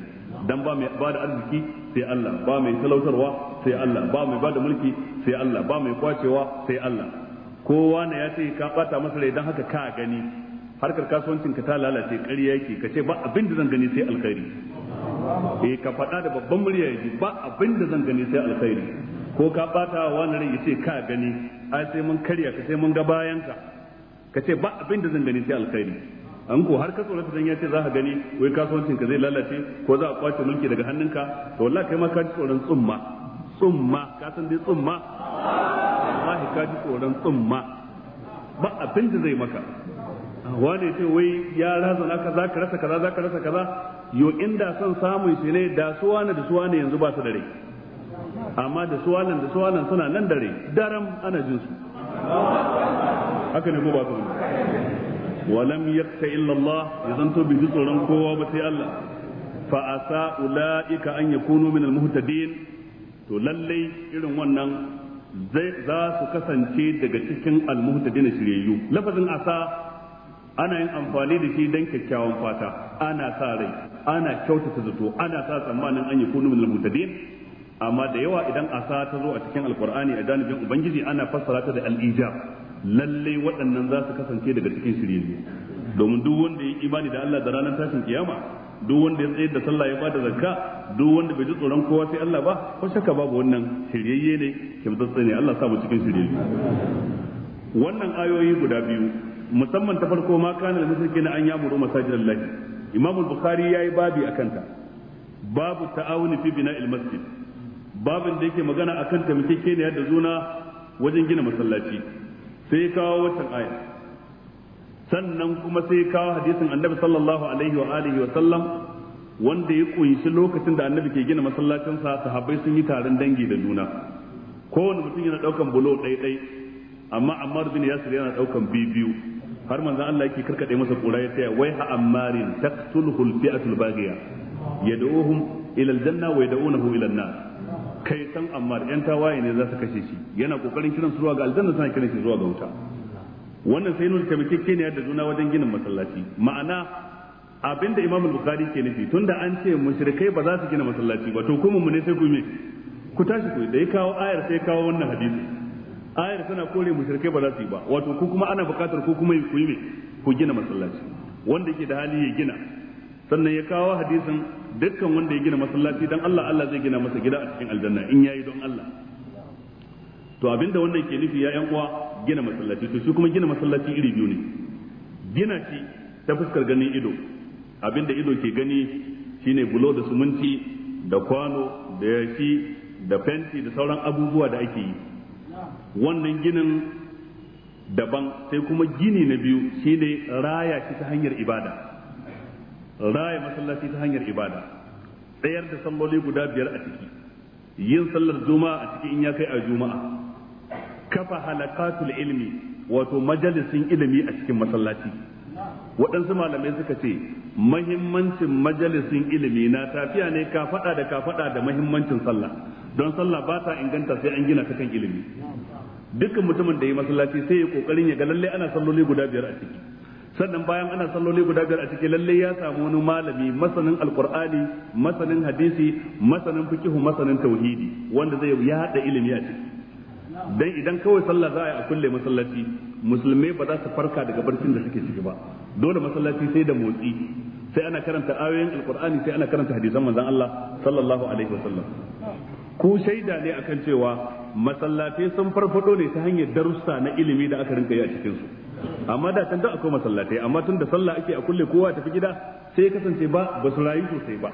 dan ba mai ba da arziki sai Allah ba mai talautarwa sai Allah ba mai ba da mulki sai Allah ba mai kwacewa sai Allah kowa ne ya ce ka bata masa rai dan haka ka gani harkar kasuwancin ka ta lalace ƙarya yake ka ce ba abin da zan gani sai alkhairi eh ka faɗa da babban murya yaji ba abin da zan gani sai alkhairi ko ka bata wa wani rai yace ka gani ai sai mun karya ka sai mun ga bayanka ka ka ce ba abin da zan gani sai alkhairi an ko har ka tsorata dan ya ce za ka gani wai kasuwancin ka zai lalace ko za a kwace mulki daga hannunka to wallahi kai ma ka ji tsoron tsumma tsumma ka san dai tsumma wallahi ka ji tsoron tsumma ba abin da zai maka wani ce wai ya raza ka za ka rasa kaza za ka rasa kaza yo inda son samun shi ne da suwa ne da suwa ne yanzu ba su da rai amma da suwa nan da suwa nan suna nan da rai daram ana jin su haka ne ko ba su wa lam yakta ya zanto bai ji tsoron kowa ba sai Allah fa asa ulaika an yakunu min almuhtadin to lallai irin wannan za su kasance daga cikin almuhtadin shiryayyu lafazin asa ana yin amfani da shi dan kyakkyawan fata ana sa rai ana kyautata zato ana sa tsammanin an yakunu min almuhtadin amma da yawa idan asa ta zo a cikin alkur'ani a janibin ubangiji ana fassara ta da al'ijab lallai waɗannan za su kasance daga cikin shiryayyu domin duk wanda ya imani da Allah da ranar tashin kiyama duk wanda ya tsayar da sallah ya bada zakka duk wanda bai ji tsoron kowa sai Allah ba ko shakka babu wannan shiryayye ne kimtsatsa ne Allah sa mu cikin shiryayyu wannan ayoyi guda biyu musamman ta farko ma kana da musulki na an yamuru Allah imam imamul bukhari yayi babi akan ta babu ta'awuni fi bina'il masjid babin da yake magana akan ne da zuna wajen gina masallaci sai kawo waccan aya sannan kuma sai kawo hadisin annabi sallallahu alaihi wa alihi wa sallam wanda ya kunshi lokacin da annabi ke gina masallacin sa sahabbai sun yi taron dangi da juna kowane mutum yana daukan bulo ɗaya ɗaya amma ammar bin yasir yana daukan biyu biyu har manzon Allah yake karkade masa kura ya taya wai ha ammarin taqtulhu al-fi'atu al-baghiya yad'uhum ila al-janna wa yad'unahu ila an-nar kai san da yan tawaye ne za su kashe shi yana kokarin kiran zuwa ga aljanna sai kiran shi zuwa ga wuta wannan sai nuna ne da juna wajen ginin masallaci ma'ana abinda imam bukhari ke nufi tunda an ce mushrikai ba za su gina masallaci ba to kuma mu ne sai ku me ku tashi ku da ya kawo ayar sai kawo wannan hadisi ayar tana kore mushrikai ba za su yi ba wato ku kuma ana buƙatar ku kuma ku yi me ku gina masallaci wanda yake da hali ya gina sannan ya kawo hadisin dukkan wanda ya gina masallaci dan Allah Allah zai gina masa gida a cikin aljanna in yayi don Allah to abinda wannan ke nufi ya yan uwa gina masallaci to shi kuma gina masallaci iri biyu ne gina shi ta fuskar ganin ido abinda ido ke gani shine bulo da suminti da kwano da yashi da fenti da sauran abubuwa da ake yi wannan ginin daban sai kuma gini na biyu shine raya shi ta hanyar ibada raya masallaci ta hanyar ibada tsayar da salloli guda biyar a ciki yin sallar juma'a a ciki in ya kai a juma'a kafa halakatul ilmi wato majalisin ilimi a cikin masallaci waɗansu malamai suka ce mahimmancin majalisin ilimi na tafiya ne ka faɗa da ka faɗa da mahimmancin sallah don sallah ba ta inganta sai an gina ta kan ilimi dukkan mutumin da ya masallaci sai ya kokarin ya ga lalle ana salloli guda biyar a ciki sannan bayan ana salloli guda biyar a ciki lalle ya samu wani malami masanin alqur'ani masanin hadisi masanin fiqh masanin tauhidi wanda zai ya haɗa ilimi a ciki dan idan kawai sallah za a yi a kulle masallaci musulmai ba za su farka daga barcin da suke ciki ba dole masallaci sai da motsi sai ana karanta ayoyin alqur'ani sai ana karanta hadisan manzon Allah sallallahu alaihi wasallam ku shaida ne akan cewa masallatai sun farfado ne ta hanyar darussa na ilimi da aka rinka yi a cikin su amma da can da akwai masallatai amma tun da sallah ake a kulle kowa tafi gida sai kasance ba ba su rayu sosai ba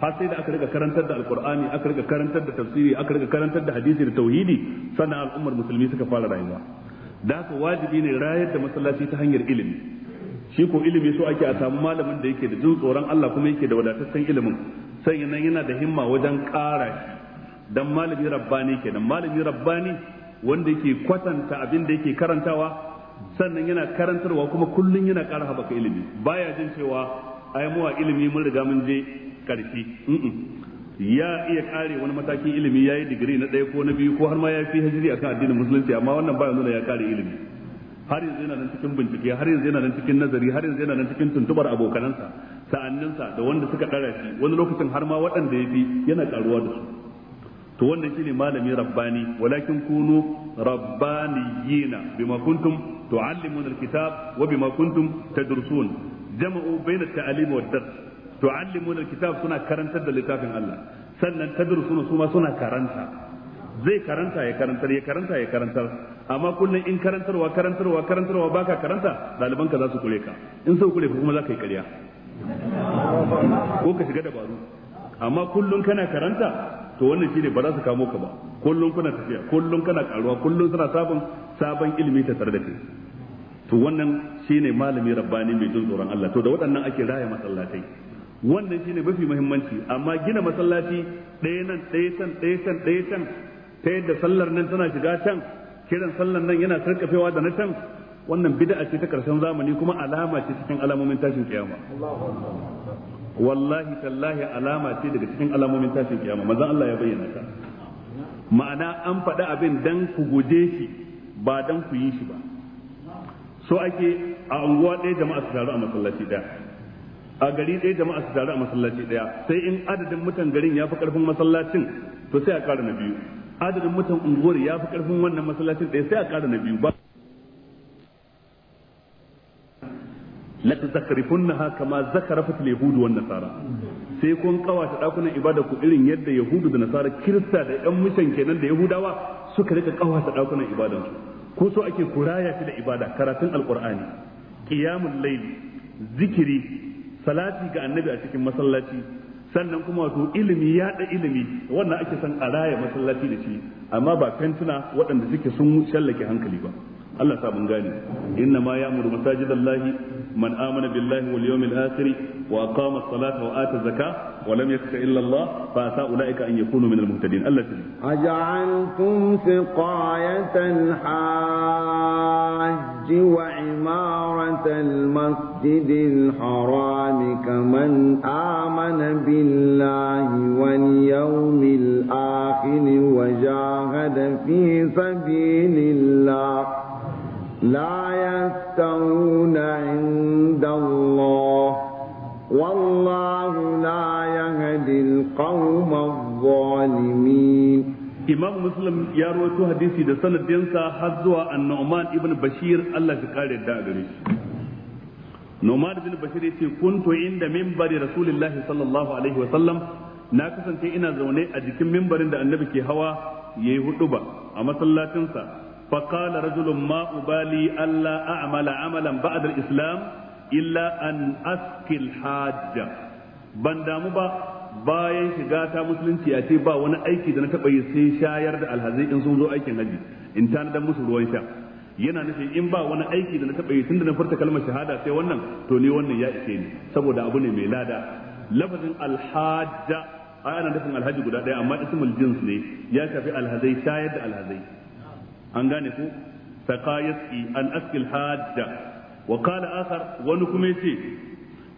har sai da aka riga karantar da alqur'ani aka riga karantar da tafsiri aka riga karantar da hadisi da tauhidi sannan al'ummar musulmi suka fara rayuwa da haka wajibi ne rayar da masallaci ta hanyar ilimi shi ko ilimi so ake a samu malamin da yake da jin tsoron Allah kuma yake da wadataccen ilimin sai nan yana da himma wajen ƙara dan malami rabbani kenan malami rabbani wanda yake kwatanta abin da yake karantawa sannan yana karantarwa kuma kullum yana ƙara haɓaka ilimi baya jin cewa yi ilimi mun riga mun je ƙarfi ya iya ƙare wani matakin ilimi ya yi digiri na ɗaya ko na biyu ko har ma ya fi hajiri akan addinin musulunci amma wannan baya nuna ya ƙare ilimi har yanzu yana nan cikin bincike har yanzu yana nan cikin nazari har yanzu yana nan cikin tuntubar abokanansa sa'anninsa da wanda suka ƙara shi wani lokacin har ma waɗanda ya fi yana ƙaruwa da su to wannan shine malami rabbani walakin kunu rabbaniyina bima kuntum تعلمون الكتاب وبما كنتم تدرسون جمعوا بين التعليم والدرس تعلمون الكتاب سنة كرنتا لتافن الله سنة تدرسون سما سنة كرنتا zai karanta ya karantar ya karanta ya karantar amma kullum in karantarwa karantarwa karantarwa baka karanta ɗalibanka za su kure in sau kure kuma za ka yi ko ka shiga dabaru amma kullum kana karanta to wannan shine ba za su kamo ka ba kullun kuna tafiya kullun kana karuwa kullun suna sabon sabon ilimi ta tare da kai to wannan shine malami rabbani mai jin tsoron Allah to da waɗannan ake raya masallatai wannan shine mafi muhimmanci amma gina masallaci ɗaya nan ɗaya can ɗaya can ɗaya can ta yadda sallar nan tana shiga can kiran sallar nan yana sarkafewa da na can wannan bid'a ce ta karshen zamani kuma alama ce cikin alamomin tashin kiyama wallahi tallahi alama ce daga cikin alamomin tashin kiyama manzo Allah ya bayyana ta ma'ana an faɗi abin dan ku guje shi ba dan ku yi shi ba so ake a unguwa ɗaya jama'a su taru a masallaci ɗaya a gari ɗaya jama'a su taru a masallaci ɗaya sai in adadin mutan garin ya fi ƙarfin masallacin to sai a ƙara na biyu adadin mutan unguwar ya fi ƙarfin wannan masallacin ɗaya sai a ƙara na biyu ba tazakrifunnaha kama zakarafat al-yahud wa nasara sai kun kawata dakunan ibada ku irin yadda yahudu da nasara kirista da yan mishan kenan da yahudawa suka rika kawata dakunan ibadan su ko so ake kuraya shi da ibada karatun alqur'ani qiyamul layl zikiri salati ga annabi a cikin masallaci sannan kuma wato ilimi yaɗa ilimi wannan ake son a raya masallaci da shi amma ba fentuna waɗanda suke sun shallake hankali ba Allah sa mun gane inna ma ya'muru masajidallahi من آمن بالله واليوم الآخر وأقام الصلاة وآتى الزكاة ولم يخش إلا الله فأساء أولئك أن يكونوا من المهتدين التي أجعلتم سقاية الحاج وعمارة المسجد الحرام كمن آمن بالله واليوم الآخر وجاهد في سبيل الله لا يستوون imam muslim ya rawaito hadisi da sanadinsa har zuwa annu'man ibn bashir Allah ya kare da gare shi ibn bashir kun to inda minbari rasulullahi sallallahu alaihi wa sallam na kasance ina zaune a jikin mimbarin da annabi ke hawa yayi huduba a masallacinsa فقال رجل ما أبالي ألا أعمل عملا بعد الإسلام إلا أن أسقي الحاجة بندام bayan shiga ta musulunci a ce ba wani aiki da na taɓa yi sai shayar da alhazai in sun zo aikin haji in tanadar musu ruwan sha yana nufin in ba wani aiki da na taɓa yi tun na furta kalmar shahada sai wannan to ni wannan ya ishe ni saboda abu ne mai lada lafazin alhajja ana nufin alhaji guda ɗaya amma ismul jins ne ya shafi alhazai shayar da alhazai an gane ku saka yasqi an askil wa wani kuma yace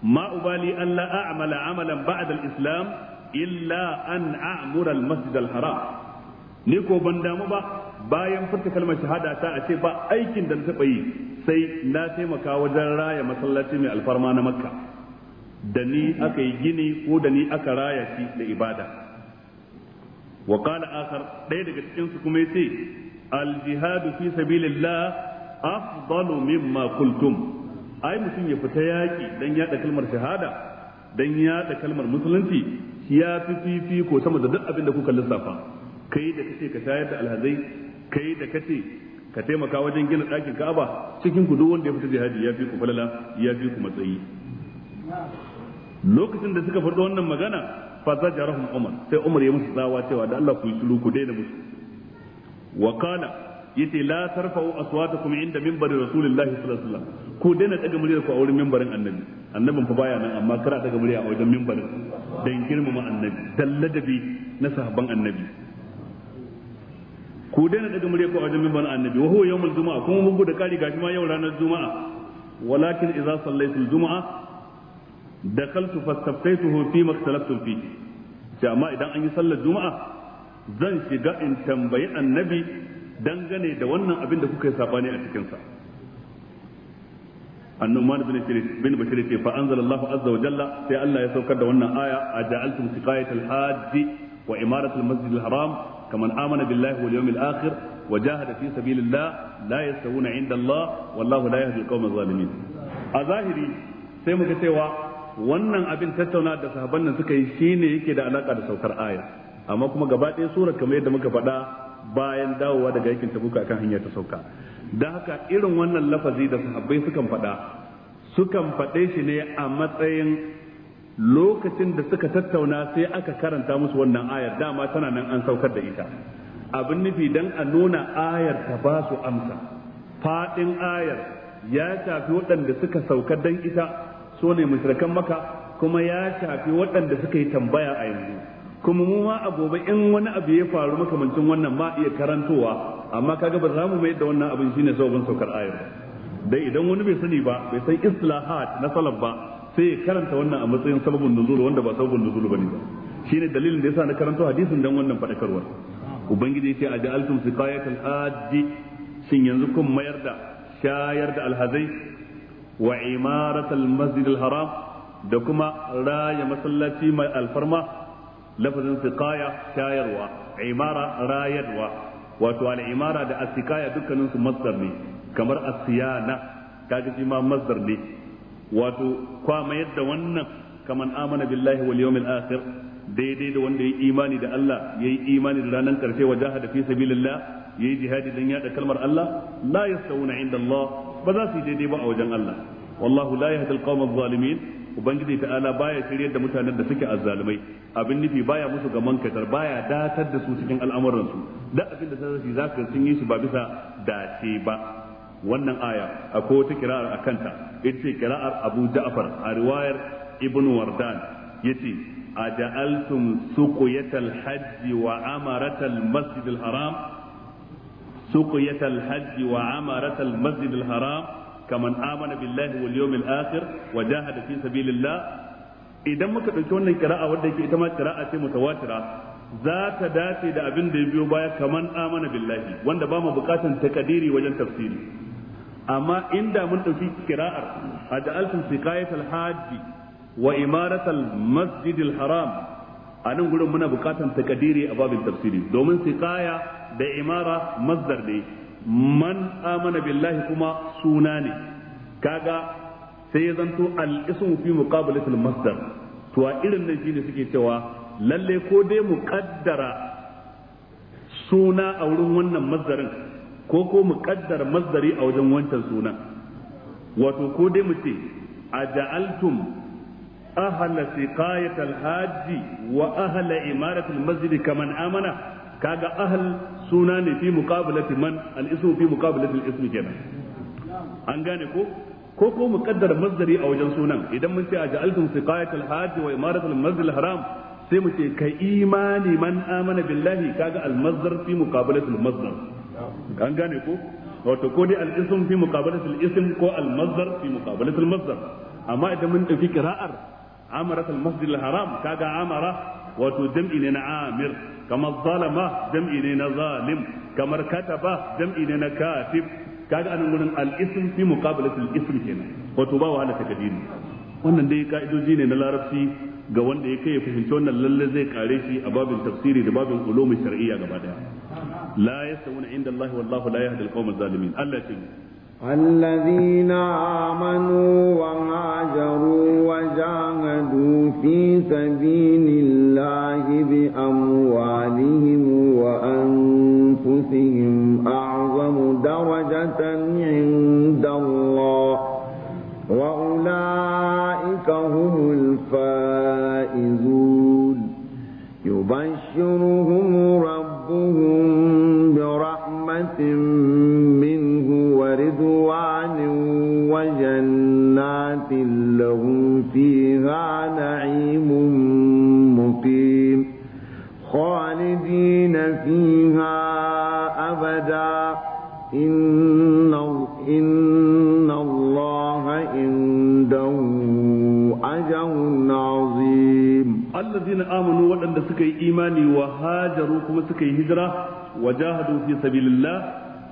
ma ubali an la a'mala amalan ba'da islam illa an a'mura al-masjid al-haram ni ko ban damu ba bayan furta kalmar shahada ta a ce ba aikin da na taɓa yi sai na taimaka wajen raya masallaci mai alfarma na makka da ni aka yi gini ko da ni aka raya shi da ibada wa ɗaya daga cikin su kuma ce? al-jihadu fi sabilillah afdalu mimma qultum ai mutum ya fita yaki dan yada kalmar shahada dan yada kalmar musulunci ya fi fifi ko sama da duk abin da kuka lissafa kai da kace ka shayar da alhazai kai da kace ka taimaka wajen gina ɗakin Ka'aba cikin ku duk wanda ya fita jihadi ya fi ku falala ya fi ku matsayi lokacin da suka faɗo wannan magana fa zajarahum umar sai umar ya musu tsawa cewa da Allah ku yi shiru ku daina musu wa kana yace la tarfa'u aswatakum inda minbari rasulillahi sallallahu alaihi wasallam ku daina daga murya ku a wurin membarin annabi annabin fa baya nan amma kara daga murya a wajen membarin dan girmama annabi dan ladabi na sahabban annabi ku daina daga murya ku a wajen minbarin annabi wa huwa yawmul juma'a kuma mun da kari gashi ma yau ranar juma'a walakin idza sallaitul juma'a dakhaltu fastaftaytuhu fi maktalaftum fi amma idan an yi sallar juma'a zan shiga in tambayi annabi dangane da wannan abin da kuka yi sabani a cikinsa annuman bin bin bashir ce fa anzalallahu azza wa jalla sai Allah ya saukar da wannan aya a ja'altum siqayatal hajji wa imaratul masjidil haram kaman amana billahi wal yawmil akhir wa jahada fi sabilillah la yastawuna inda Allah wallahu la yahdi al zalimin a zahiri sai muka cewa wannan abin tattauna da sahabban nan suka yi shine yake da alaka da saukar aya amma kuma gaba ɗaya surar kamar yadda muka faɗa bayan dawowa daga yakin tabuka akan hanya ta sauka don haka irin wannan lafazi da sahabbai sukan faɗa sukan faɗe shi ne a matsayin lokacin da suka tattauna sai aka karanta musu wannan ayar dama tana nan an saukar da ita abin nufi dan a nuna ayar ta ba su amsa faɗin ayar ya shafi waɗanda suka sauka dan ita so ne maka kuma ya shafi waɗanda suka yi tambaya a yanzu kuma mu ma a gobe in wani abu ya faru makamancin wannan ba iya karantowa amma kaga ba za mu mai da wannan abin shine sababin saukar ayar dai idan wani bai sani ba bai san islahat na salaf ba sai ya karanta wannan a matsayin sababin nuzul wanda ba sababin nuzul bane ba shine dalilin da yasa na karanto hadisin dan wannan fadakarwar ubangiji yace aj'altum siqayatal addi shin yanzu kun mayar da shayar da alhazai wa imaratal masjidil haram da kuma raya masallaci mai alfarma lafazin siqaya shayarwa imara rayarwa wato al-imara da as dukkanin su masdar ne kamar as kaga shi ma masdar ne wato kwama yadda wannan kaman amana billahi wal yawmil akhir daidai da wanda yayi imani da Allah yayi imani da ranar karshe wa jahada fi sabilillah yayi jihadi dan yada kalmar Allah la yastawuna inda Allah ba za su yi daidai ba a wajen Allah wallahu la yahdi al-qawma adh-dhalimin ubangiji ta'ala baya shiryar da mutanen da suke azzalumai abin nufi baya musu ga mankatar baya datar da su cikin al'amuran su duk abin da sai zaka sun yi shi ba bisa dace ba wannan aya akwai wata kira'ar akanta ita ce kira'ar Abu Ja'far a riwayar Ibn Wardan yace aja'altum suqiyatal hajji wa amaratal masjidil haram hajji wa amaratal masjidil haram kaman amana billahi wal yawmil akhir wa jahada fi idan muka ɗauki wannan qira'a wanda yake ita ma qira'a ce mutawatira za ta dace da abin da ya biyo baya kaman amana billahi wanda ba mu bukatan takadiri wajen tafsiri amma inda mun dauki qira'ar aj'altum siqayat al hajji wa imarat al-masjid al-haram anan gurin muna bukatan takadiri a babin tafsiri domin siqaya da imara masdar ne man amana billahi kuma suna ne kaga sai ya zanto al-ismu fi muqabalatil masdar to a irin nan shine suke cewa lalle ko dai mu ƙaddara suna a wurin wannan masdarin ko ko mu masdari a wajen wancan sunan wato ko dai mu ce aja'altum siqayatil سقاية wa ahla imaratil masjid kaman amana? kaga ahal suna ne fi muqabalati man al ismu fi muqabalati al ismi kenan an gane ko ko ko muqaddar masdari a wajen sunan idan mun ce a ja'altum siqayat al hajj wa imarat al masjid al haram sai mu ce ka imani man amana billahi kaga al masdar fi muqabalati al masdar an gane ko wato ko dai al ism fi muqabalati al ism ko al masdar fi muqabalati al masdar amma idan mun dauki qira'ar amarat al masjid al haram kaga amara wato jam'i ne na amir kamar zalama jam'i ne na zalim kamar kataba jam'i ne na katib kaga anan gurin al-ism fi muqabalatil ism kenan wato ba wahala ta kadiri wannan dai ka'idoji ne na larabci ga wanda ya kai ya fahimci wannan lalle zai kare shi a babin tafsiri da babin ulumi shar'iyya gaba daya la yasawuna inda Allah wallahu la yahdi al-qawma zalimin Allah ya الذين آمنوا وهاجروا وجاهدوا في سبيل الله الله بأموالهم وأنفسهم أعظم درجة عند الله وأولئك هم الفائزون يبشرون allazina amanu waɗanda suka yi imani wa hajaru kuma suka yi hijira wa jahadu fi sabilillah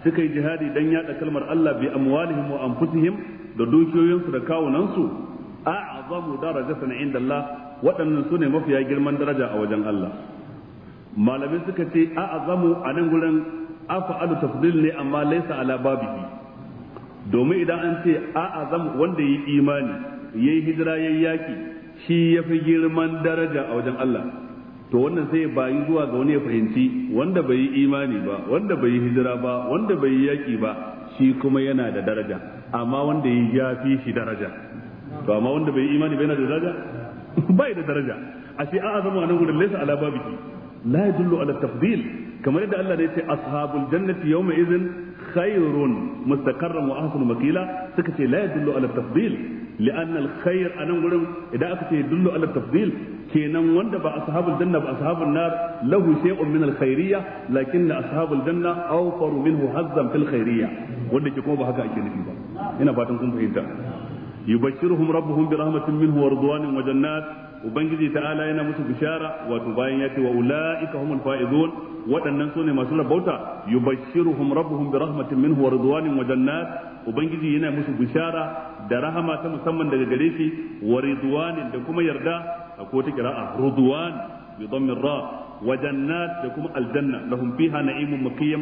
suka jihadi dan yada kalmar Allah bi amwalihim wa anfusihim da dukiyoyinsu da kawunansu a'zamu darajatan inda Allah waɗannan su mafiya girman daraja a wajen Allah malamai suka ce a'a zamu a nan gurin afa'alu tafdil ne amma laysa ala babihi domin idan an ce a'zamu wanda yi imani yayi hijira yayi yaki shi ya fi girman daraja a wajen Allah to wannan sai ya bayi zuwa ga wani ya fahimci wanda bai yi imani ba wanda bai yi hijira ba wanda bai yi yaƙi ba shi kuma yana da daraja amma wanda ya fi shi daraja to amma wanda bai yi imani ba yana da daraja bai da daraja a ce a azama nan gurin laysa ala babiki la yadullu ala tafdil kamar yadda Allah ya ce ashabul jannati yawma idhin khairun mustaqarran wa ahsanu maqila suka ce la yadullu ala tafdil li'an a nan gurin idan aka ce dullu ala tafdil kenan wanda ba ashabul janna ba ashabun nar lahu shay'un min alkhairiyya lakinna ashabul janna awfar minhu hazzan fil khairiyya wanda ke ba haka ake nufi ba ina fatan kun fahimta yubashshiruhum rabbuhum bi rahmatin minhu wa ridwanin wa jannat ubangiji ta'ala yana musu bishara wato bayan ya ce wa ulaika humul faizun waɗannan sune masu rabauta yubashshiruhum rahmatin ubangiji yana musu bishara da rahama ta musamman daga gare shi wa ridwanin da kuma yarda a ko ta kira'a ridwan bi dhammi ra wa jannat da kuma aljanna lahum fiha na'imun muqim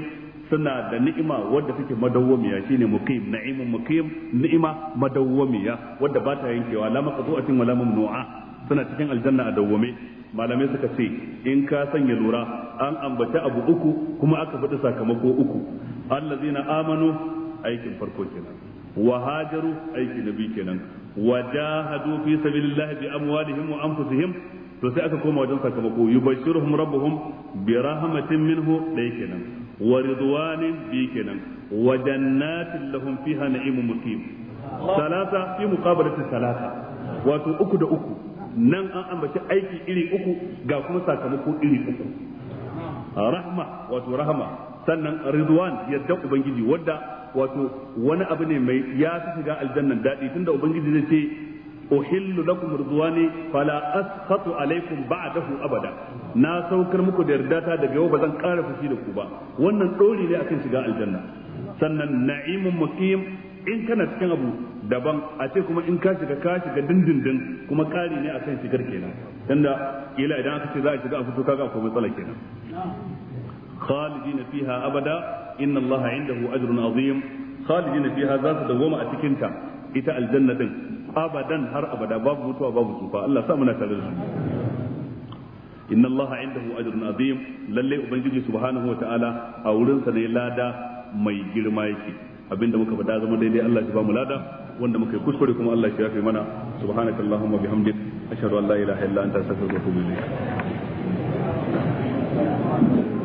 suna da ni'ima wadda take madawwamiya shine muqim na'imun muqim ni'ima madawwamiya wadda ba ta yankewa la maqtu'atin wa la mamnu'a suna cikin aljanna a dawwame malamai suka ce in ka sanya lura an ambaci abu uku kuma aka faɗi sakamako uku allazina amanu aikin farko kenan wa hajaru aiki nabi kenan wa jahadu fi sabilillahi bi amwalihim wa anfusihim to sai aka koma wajen sakamako yubashiruhum rabbuhum bi rahmatin minhu dai kenan wa ridwanin bi kenan wa jannatin lahum fiha na'imun muqim salasa fi muqabalati salasa wato uku da uku nan an ambaci aiki iri uku ga kuma sakamako iri uku rahma wato rahma sannan ridwan yadda ubangiji wadda wato wani abu ne mai ya fi shiga aljannan daɗi tunda ubangiji zai ce uhillu lakum ridwani fala asqatu alaikum ba'dahu abada na saukar muku da ta daga yau ba zan ƙara fushi da ku ba wannan dori ne akan shiga aljanna sannan na'imun muqim in kana cikin abu daban a ce kuma in ka shiga ka shiga dindindin kuma ƙari ne akan shigar kenan tunda kila idan aka ce za a shiga a fito kaga akwai matsala kenan khalidina fiha abada inna allaha indahu ajrun azim khalidina fiha za su dawoma a cikin ta ita aljanna din abadan har abada babu mutuwa babu tsufa Allah sa muna tare da su inna allaha indahu ajrun azim lalle ubangiji subhanahu a wurin ne lada mai girma yake abinda muka faɗa zama daidai Allah shi ba mu lada wanda muka yi kuskure kuma Allah shi ya kai mana subhanaka allahumma bihamdik ashhadu an la ilaha illa anta astaghfiruka wa atubu ilayk